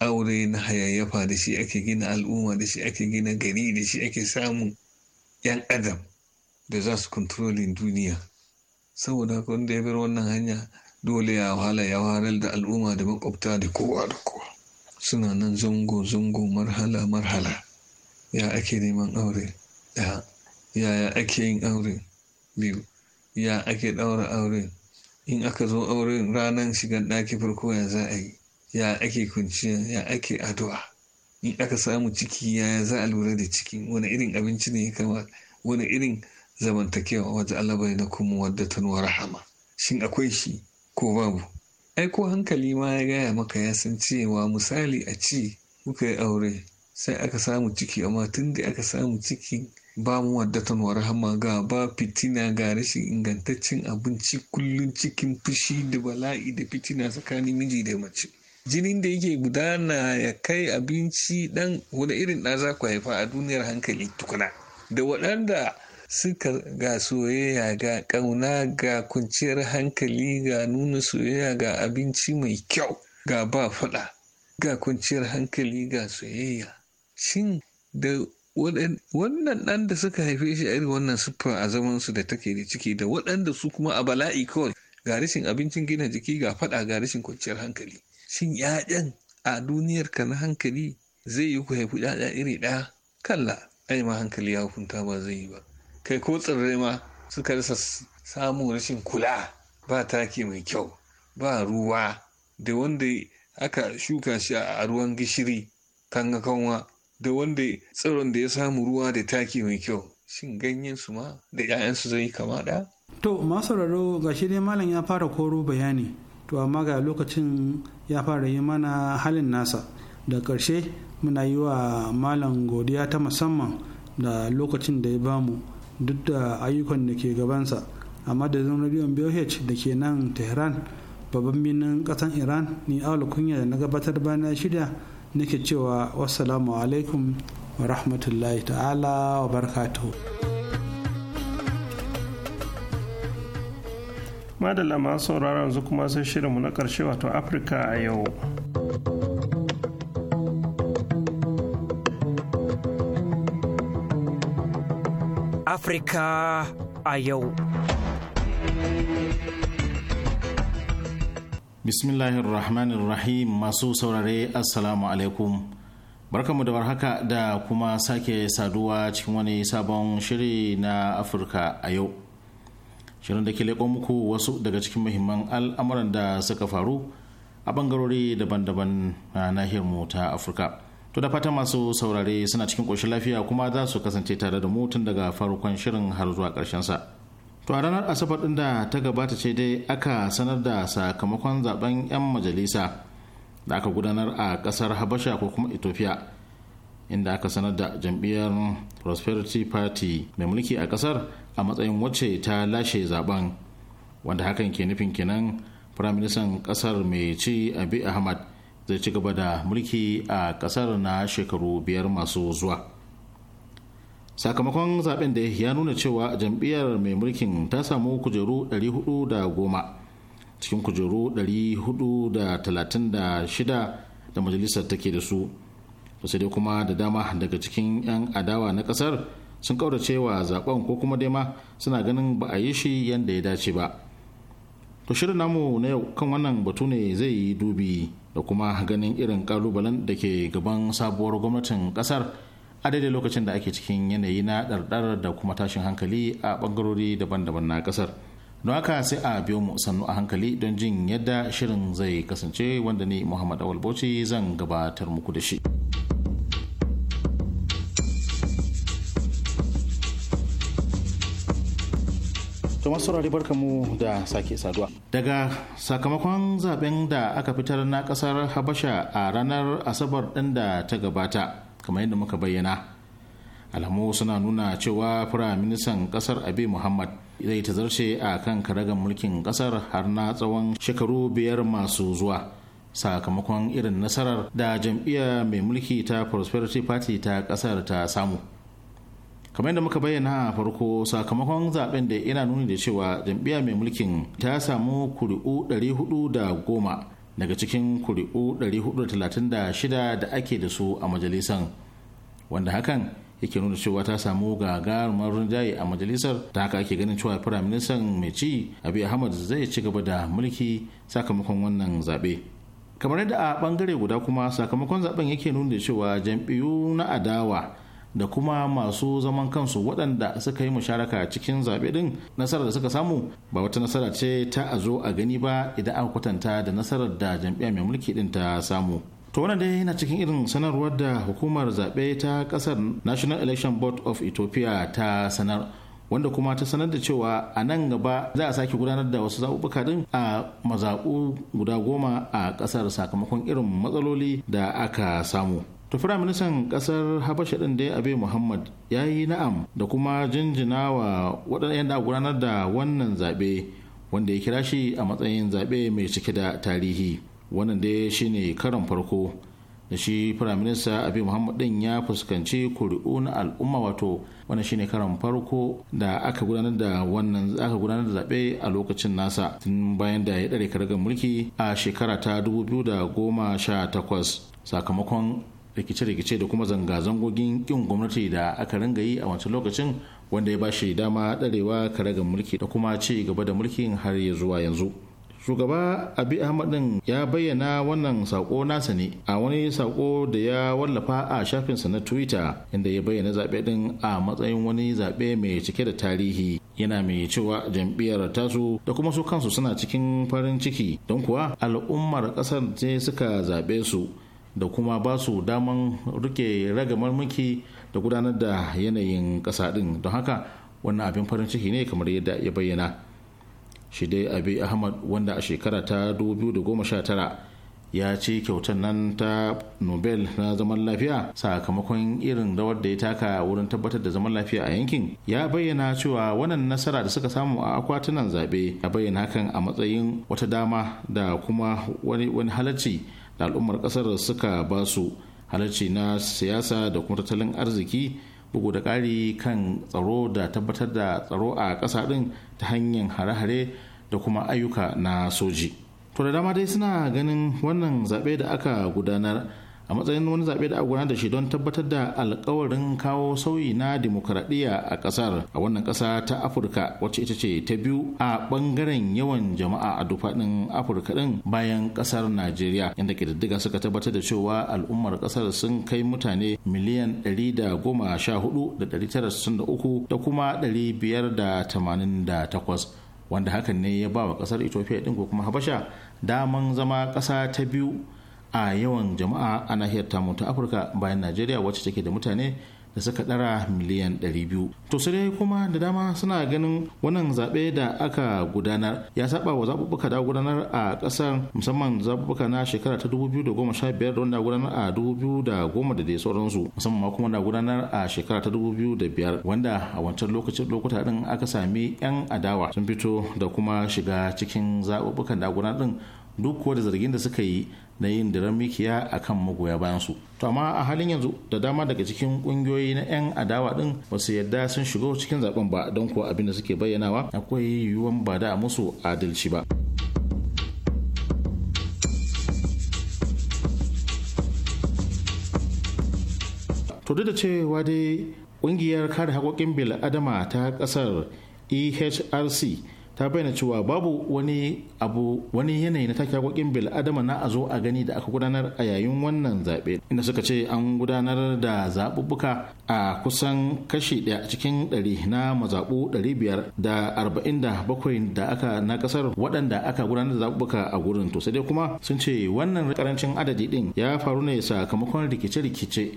aure na hayayyafa da shi ake gina al'umma da shi ake gina gari da shi ake samun 'yan adam da za su kontrolin duniya saboda haka wanda ya bar wannan hanya dole ya wahala ya wahalar da al'umma da makwabta da kowa da kowa suna nan zango-zango marhala-marhala ya ake neman aure ɗaya yaya ake yin aure biyu ya ake ɗaura auren in aka zo auren ranar shigan ɗaki farko ya za a yi ya ake kunciya ya ake addu'a in aka samu ciki ya za a lura da ciki? wani irin abinci ne ya kama wani irin zamantakewa wajen alabai na kuma wadda tanuwa rahama shin akwai shi ko babu ai ko hankali ma ya gaya maka ya san cewa misali a ci kuka yi aure sai aka samu ciki amma tun da aka samu cikin babu waddatan wa rahama ga ba fitina ga rashin ingantaccen abinci kullum cikin fushi da bala'i da fitina tsakanin miji da mace jinin da yake gudana ya kai abinci dan wani irin da za ku haifa a duniyar hankali tukuna da waɗanda suka ga soyayya ga ƙauna ga kwanciyar hankali ga nuna soyayya ga abinci mai kyau ga ba faɗa ga kwanciyar hankali ga soyayya shin da wannan ɗan da suka haife shi a irin wannan siffar a zaman su da take da ciki da waɗanda su kuma a bala'i kawai ga rashin abincin gina jiki ga faɗa ga rashin kwanciyar hankali shin ƴaƴan a duniyar ka na hankali zai yi ku haifi ƴaƴa iri ɗaya kalla ai ma hankali ya hukunta ba zai yi ba kai ko tsirrai ma suka rasa samun rashin kula ba taki mai kyau ba ruwa da wanda aka shuka shi a ruwan gishiri kanga kanwa da wanda tsiron da ya samu ruwa da taki mai kyau shin ganyen su ma da 'ya'yansu zai kama ɗaya to masauraro ga shi dai malam ya fara koro bayani to amma ga lokacin ya fara yi mana halin nasa da ƙarshe muna yi wa malam godiya ta musamman da lokacin da ya bamu duk da ayyukan da ke gabansa a madadin radiyon BOH da ke nan tehran babban birnin ƙasar iran ni alu kunya da na gabatar bana shida nake cewa wasalamu alaikum wa rahmatullahi ta'ala wa barakatuhu madalla masu sauraron yanzu kuma sai shirinmu na karshe wato afirka a yau afirka a yau Bismillahirrahmanirrahim masu saurare Assalamu alaikum. barkamu da warhaka da kuma sake saduwa cikin wani sabon shiri na Afirka a yau. Shirin da ke leƙo muku wasu daga cikin muhimman al'amuran da suka faru a bangarori daban-daban na nahiyarmu ta Afirka. To da fata masu saurare suna cikin ƙoshin lafiya kuma za su kasance tare da mutum daga farkon shirin har zuwa ƙarshen sa. to a ranar asabar ɗin da ta gabata ce dai aka sanar da sakamakon zaben 'yan majalisa da aka gudanar a ƙasar habasha ko kuma ethiopia inda aka sanar da jam'iyyar prosperity party mai mulki a ƙasar a matsayin wacce ta lashe zaben wanda hakan ke nufin kenan firaministan ƙasar mai ci abi ahmad zai ci gaba da mulki a ƙasar na shekaru biyar masu zuwa sakamakon zaben da ya nuna cewa jam'iyyar mai mulkin ta samu kujeru 410 cikin kujeru 436 da majalisar take da su sai dai kuma da dama daga cikin 'yan adawa na kasar sun kaurace wa zaben ko kuma dai ma suna ganin ba a yi shi yadda ya dace ba to shirin namu na yau kan wannan batu ne zai yi dubi da kuma ganin irin kalubalen da ke gaban sabuwar gwamnatin kasar a daidai lokacin da ake cikin yanayi na ɗarɗar da kuma tashin hankali a ɓangarori daban-daban na ƙasar don haka sai a biyo mu sannu a hankali don jin yadda shirin zai kasance wanda ni muhammad awal bauchi zan gabatar muku da shi masu barka mu da sake saduwa daga sakamakon zaben da aka fitar na kasar habasha a ranar asabar ɗin da ta gabata kamar yadda muka bayyana alhamu suna nuna cewa firaministan kasar abi muhammad zai ta zarce a kan karagan mulkin kasar har na tsawon shekaru biyar masu zuwa sakamakon irin nasarar da jam'iyya mai mulki ta prosperity party ta kasar ta samu kamar yadda muka bayyana a farko sakamakon zaben da ina nuni da cewa jam'iyya mai mulkin ta samu kuri'u 410 daga cikin kuri'u 436 da ake da su a majalisan wanda hakan yake nuna cewa ta samu gagarumar rinjaye a majalisar ta haka ake ganin cewa firaministan mai ci abi ahmad zai ci gaba da mulki sakamakon wannan zaɓe kamar yadda a bangare guda kuma sakamakon zaben yake nuna cewa jam'iyyu na adawa da kuma masu zaman kansu waɗanda suka yi musharaka cikin zaɓe ɗin nasarar da suka samu ba wata nasara ce ta a zo a gani ba idan aka kwatanta da nasarar da jam'iyya mai mulki ɗin ta samu to wannan dai yana cikin irin sanarwar da hukumar zaɓe ta ƙasar national election board of ethiopia ta sanar wanda kuma ta sanar da cewa a nan gaba za a sake gudanar da wasu zaɓuɓɓuka din a mazaɓu guda goma a ƙasar sakamakon irin matsaloli da aka samu to firaministan kasar habasha din dai abe muhammad ya yi na'am da kuma jinjina wa waɗanda da gudanar da wannan zaɓe wanda ya kira shi a matsayin zaɓe mai cike da tarihi wannan dai shine karon farko da shi firaminista abi muhammad din ya fuskanci kuri'u na al'umma wato wannan shine karon farko da aka gudanar da wannan aka gudanar da zaɓe a lokacin nasa tun bayan da ya ɗare karagar mulki a shekara ta 2018 sakamakon rikice-rikice da kuma zanga-zangogin kin gwamnati da aka ringa yi a wancan lokacin wanda ya bashi dama ɗarewa ga mulki da kuma ci gaba da mulkin har ya zuwa yanzu shugaba abi ahmad ya bayyana wannan sako nasa ne a wani sako da ya wallafa a shafinsa na twitter inda ya bayyana zaɓe ɗin a matsayin wani zaɓe mai cike da tarihi yana mai cewa jam'iyyar tasu da kuma su kansu suna cikin farin ciki don kuwa al'ummar ƙasar ce suka zaɓe su da kuma ba su daman rike ragamar mulki da gudanar da yanayin ƙasa ɗin don haka wannan abin farin ciki ne kamar yadda ya bayyana shi dai abi ahmad wanda a shekara ta 2019 ya ce kyautar nan ta nobel na zaman lafiya sakamakon irin rawar da ya taka wurin tabbatar da zaman lafiya a yankin ya bayyana cewa wannan nasara da suka samu a akwatunan zaɓe ya bayyana hakan a matsayin wata dama da kuma wani, wani halarci da al'ummar kasar suka ba su halarci na siyasa da kuma tattalin arziki bugu da ƙari kan tsaro da tabbatar da tsaro a ƙasa ɗin ta hanyar hare-hare da kuma ayyuka na soji. To da dama dai suna ganin wannan zaɓe da aka gudanar a matsayin wani zaɓe da aka da shi don tabbatar da alkawarin kawo sauyi na dimokuraɗiyya a ƙasar a wannan ƙasa ta afirka wacce ita ce ta biyu a ɓangaren yawan jama'a a dufaɗin afirka ɗin bayan ƙasar najeriya inda ƙididdiga suka tabbatar da cewa al'ummar ƙasar sun kai mutane miliyan ɗari da goma sha hudu da ɗari tara da uku da kuma ɗari biyar da tamanin da takwas wanda hakan ne ya ba wa ƙasar ethiopia ɗin ko kuma habasha daman zama ƙasa ta biyu a yawan jama'a a nahiyar tamu ta afirka bayan najeriya wacce take da mutane da suka ɗara miliyan 200 to sai kuma da dama suna ganin wannan zaɓe da aka gudanar ya saba wa zaɓuɓɓuka da gudanar a ƙasar musamman zaɓuɓɓuka na shekara ta 2015 da wanda gudanar a 2010 da dai sauransu musamman ma kuma da gudanar a shekara ta 2005 wanda a wancan lokacin lokuta din aka sami 'yan adawa sun fito da kuma shiga cikin zaɓuɓɓukan da gudanar din duk kuwa da zargin da suka yi na yin diran a kan magoya su to amma a halin yanzu da dama daga cikin kungiyoyi na 'yan adawa din ba su yarda sun shigo cikin zaben ba don ko abin da suke bayyanawa akwai yiwuwan ba da musu adalci ba to duk da cewa dai kungiyar kare haƙoƙin bil'adama ta ƙasar ehrc ta bayyana cewa babu wani abu wani yanayi na take hakokin bil adama na a zo a gani da aka gudanar a yayin wannan zaɓe inda suka ce an gudanar da zaɓuɓɓuka a kusan kashi ɗaya cikin ɗari na mazaɓu ɗari biyar da arba'in da bakwai da aka na ƙasar waɗanda aka gudanar da zaɓuɓɓuka a gurin to sai dai kuma sun ce wannan karancin adadi ɗin ya faru ne sakamakon rikice-rikice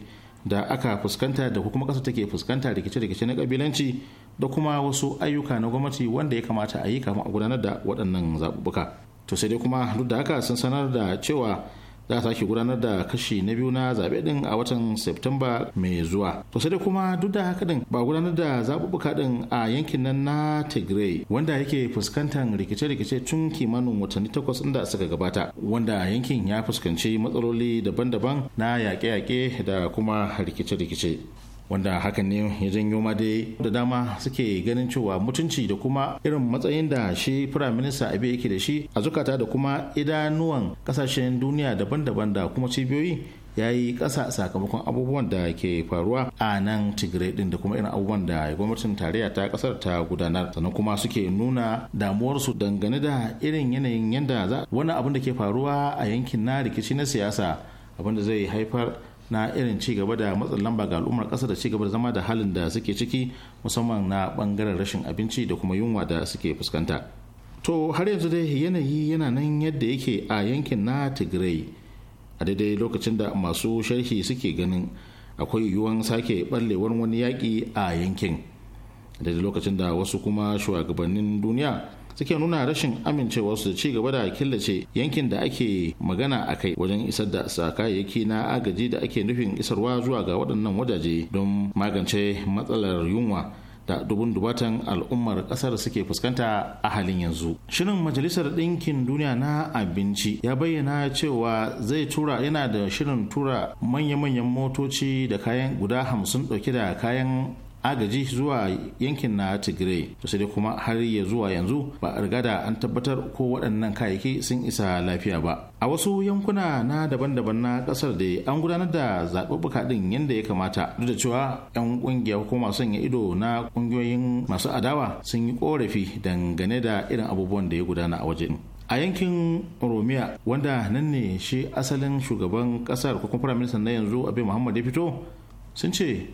da aka fuskanta da kuma ƙasa take fuskanta rikice-rikice na kabilanci da kuma wasu ayyuka na gwamnati wanda ya kamata a yi kafin a gudanar da waɗannan zaɓuɓɓuka to sai dai kuma duk da haka sun sanar da cewa za a sake gudanar da kashi na biyu na zaɓe ɗin a watan Septemba mai zuwa. To sai dai kuma duk da haka ɗin ba gudanar da zaɓuɓɓuka ɗin a yankin nan na Tigray wanda yake fuskantar rikice-rikice tun kimanin watanni takwas da suka gabata wanda yankin ya fuskanci matsaloli daban-daban na yaƙe-yaƙe da kuma rikice-rikice. wanda hakan ne ya janyo ma dai da dama suke ganin cewa mutunci da kuma irin matsayin da shi firayim minista abe yake da shi a zukata da kuma idanuwan kasashen duniya daban-daban da kuma cibiyoyi ya yi ƙasa sakamakon abubuwan da ke faruwa a nan tigray din da kuma irin abubuwan da gwamnatin tarayya ta kasar ta gudanar sannan kuma suke nuna damuwarsu dangane da irin yanayin yadda wani abin da ke faruwa a yankin na rikici na siyasa abin da zai haifar na irin ci gaba da matsin lamba ga al'ummar kasa da ci gaba da zama da halin da suke ciki musamman na bangaren rashin abinci da kuma yunwa da suke fuskanta to har yanzu dai yanayi yana nan yadda yake a yankin na tigray a daidai lokacin da masu sharhi suke ganin akwai yiwuwan sake ballewar wani yaƙi a yankin a daidai lokacin da wasu kuma shugabannin duniya suke nuna rashin amincewarsu da ci gaba da killace yankin da ake magana a kai wajen isar da kayayyaki na agaji da ake nufin isarwa zuwa ga waɗannan wajaje don magance matsalar yunwa da dubun dubatan al'ummar kasar suke fuskanta a halin yanzu. Shirin Majalisar Ɗinkin Duniya na abinci ya bayyana cewa zai tura yana da shirin tura manya-manyan motoci da kayan guda hamsin ɗauke da kayan agaji zuwa yankin na tigray sai dai kuma har ya zuwa yanzu ba a riga da an tabbatar ko waɗannan kayayyaki sun isa lafiya ba a wasu yankuna na daban-daban na ƙasar da an gudanar da zaɓuɓɓuka ɗin yadda ya kamata duk da cewa 'yan ƙungiya ko masu sanya ido na ƙungiyoyin masu adawa sun yi ƙorafi dangane da irin abubuwan da ya gudana a wajen a yankin oromiya wanda nan ne shi asalin shugaban ƙasar ko kuma na yanzu abin muhammad ya fito sun ce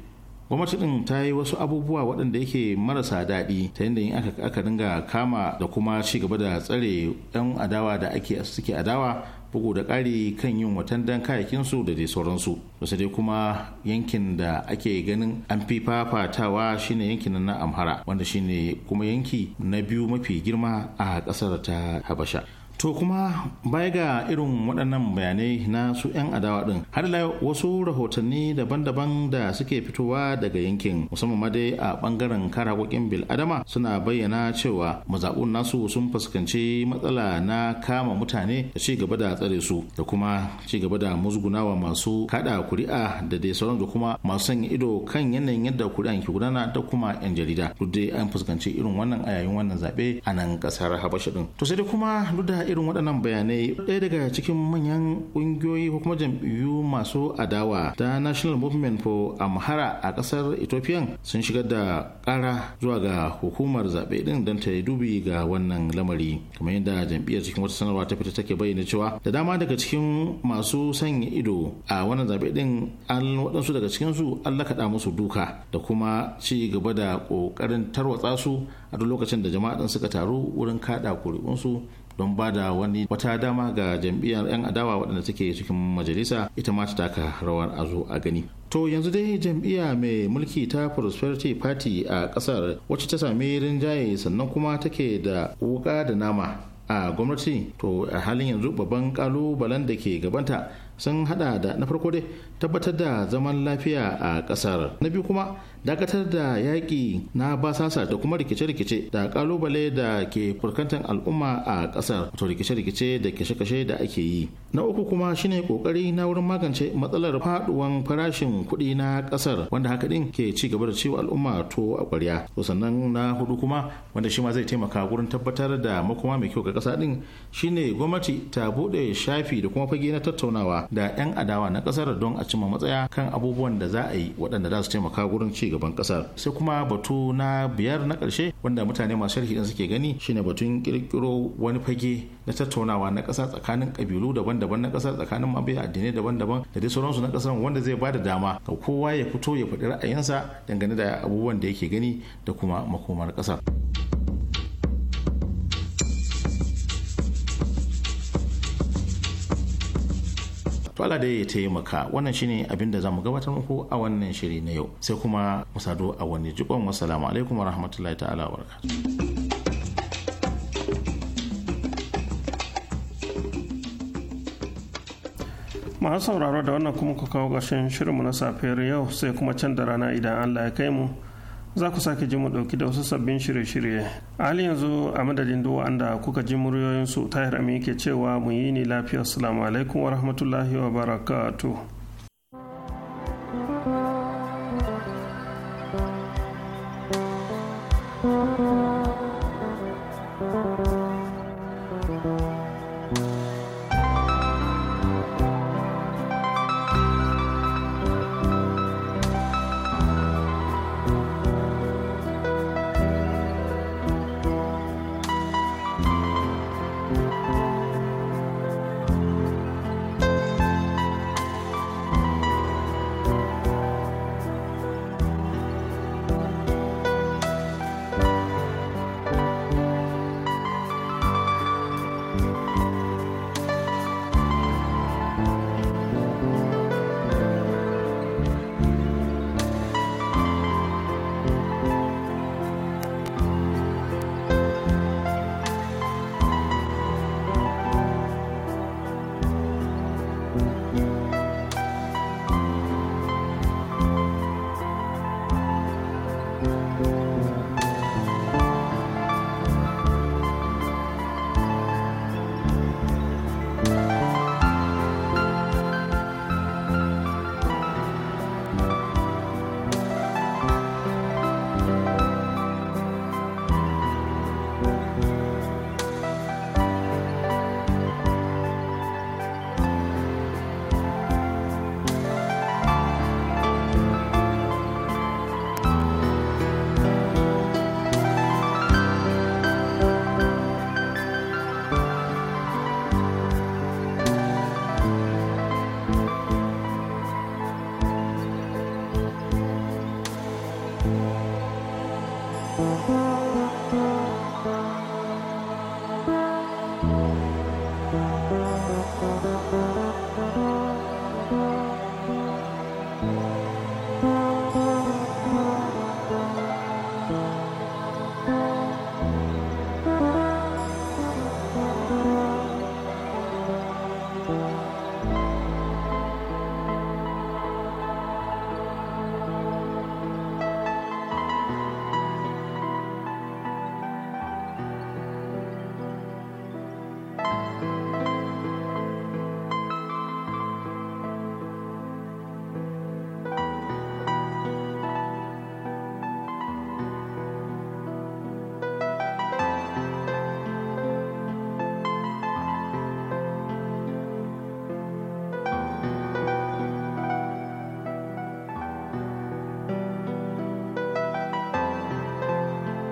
gwamnati din ta yi wasu abubuwa waɗanda yake marasa daɗi ta yadda in aka aka dinga kama da kuma ci gaba da tsare yan adawa da ake suke adawa bugu da ƙari kan yin watan dan su da dai sauransu wasu dai kuma yankin da ake ganin an fi fafatawa shine yankin na amhara wanda shine kuma yanki na biyu mafi girma a ƙasar ta habasha To kuma baya ga irin waɗannan bayanai na su 'yan adawa ɗin har da wasu rahotanni daban-daban da suke fitowa daga yankin musamman ma dai a ɓangaren kare haƙoƙin adama suna bayyana cewa mazaɓun nasu sun fuskanci matsala na kama mutane da ci gaba da tsare su da kuma ci gaba da musgunawa masu kaɗa kuri'a da dai sauran da kuma masu sanya ido kan yanayin yadda kuri'an ke gudana da kuma 'yan jarida duk dai an fuskanci irin wannan a yayin wannan zaɓe a nan ƙasar habasha ɗin. To sai dai kuma duk da irin waɗannan bayanai ɗaya daga cikin manyan ƙungiyoyi ko kuma jam'iyyu masu adawa ta national movement for amhara a ƙasar ethiopian sun shigar da ƙara zuwa ga hukumar zaɓe ɗin don ta yi dubi ga wannan lamari kamar yadda jam'iyyar cikin wata sanarwa ta fita take bayyana cewa da dama daga cikin masu sanya ido a wannan zaɓe ɗin an waɗansu daga cikinsu an lakaɗa musu duka da kuma ci gaba da ƙoƙarin tarwatsa su a duk lokacin da jama'a ɗin suka taru wurin kaɗa kuri'unsu don ba da wani wata dama ga jam'iyyar 'yan adawa waɗanda take cikin majalisa ita ma ta taka rawar azo a gani to yanzu dai jam'iyya mai mulki ta prosperity party a ƙasar wacce ta sami rinjaye sannan kuma take da wuka da nama a gwamnati to a halin yanzu babban kalubalen da ke gabanta sun hada da na farko dai tabbatar da zaman lafiya a ƙasar na biyu kuma dakatar da yaƙi na basasa da kuma rikice-rikice da kalubale da ke furkantar al'umma a ƙasar to rikice-rikice da kashe-kashe da ake yi na uku kuma shine kokari na wurin magance matsalar faduwan farashin kuɗi na ƙasar wanda haka din ke ci gaba da ciwo al'umma to a ƙwarya to sannan na hudu kuma wanda shi ma zai taimaka wurin tabbatar da makoma mai kyau ga ƙasa din shine gwamnati ta buɗe shafi da kuma fage na tattaunawa da 'yan adawa na ƙasar don a cimma matsaya kan abubuwan da za a yi waɗanda za su taimaka gurin ci shugaban kasar sai kuma batu na biyar na karshe wanda mutane masu sharhi din suke gani shine batun kirkiro wani fage na tattaunawa na kasa tsakanin kabilu daban-daban na kasa tsakanin mabiya addinai daban-daban da dai sauransu na kasar wanda zai bada dama ga kowa ya fito ya faɗi ra'ayinsa dangane da abubuwan da yake gani da kuma makomar kasar. Allah da ya taimaka wannan shine abin da zamu gabatar muku a wannan shiri na yau sai kuma mu sadu a wani jikon wassalamu alaikum warahmatullahi ta'ala wabarakatuh masu sauraro da wannan kuma ku kawo gashin shirinmu na safiyar yau sai kuma can da rana idan allah ya kai mu za ku sake ji mu ɗauki da wasu sabbin shirye-shirye a hali yanzu a madadin duk wanda kuka ji muryoyinsu tahir amin ke cewa mu yi ni lafiya assalamu alaikum wa rahmatullahi wa barakatuh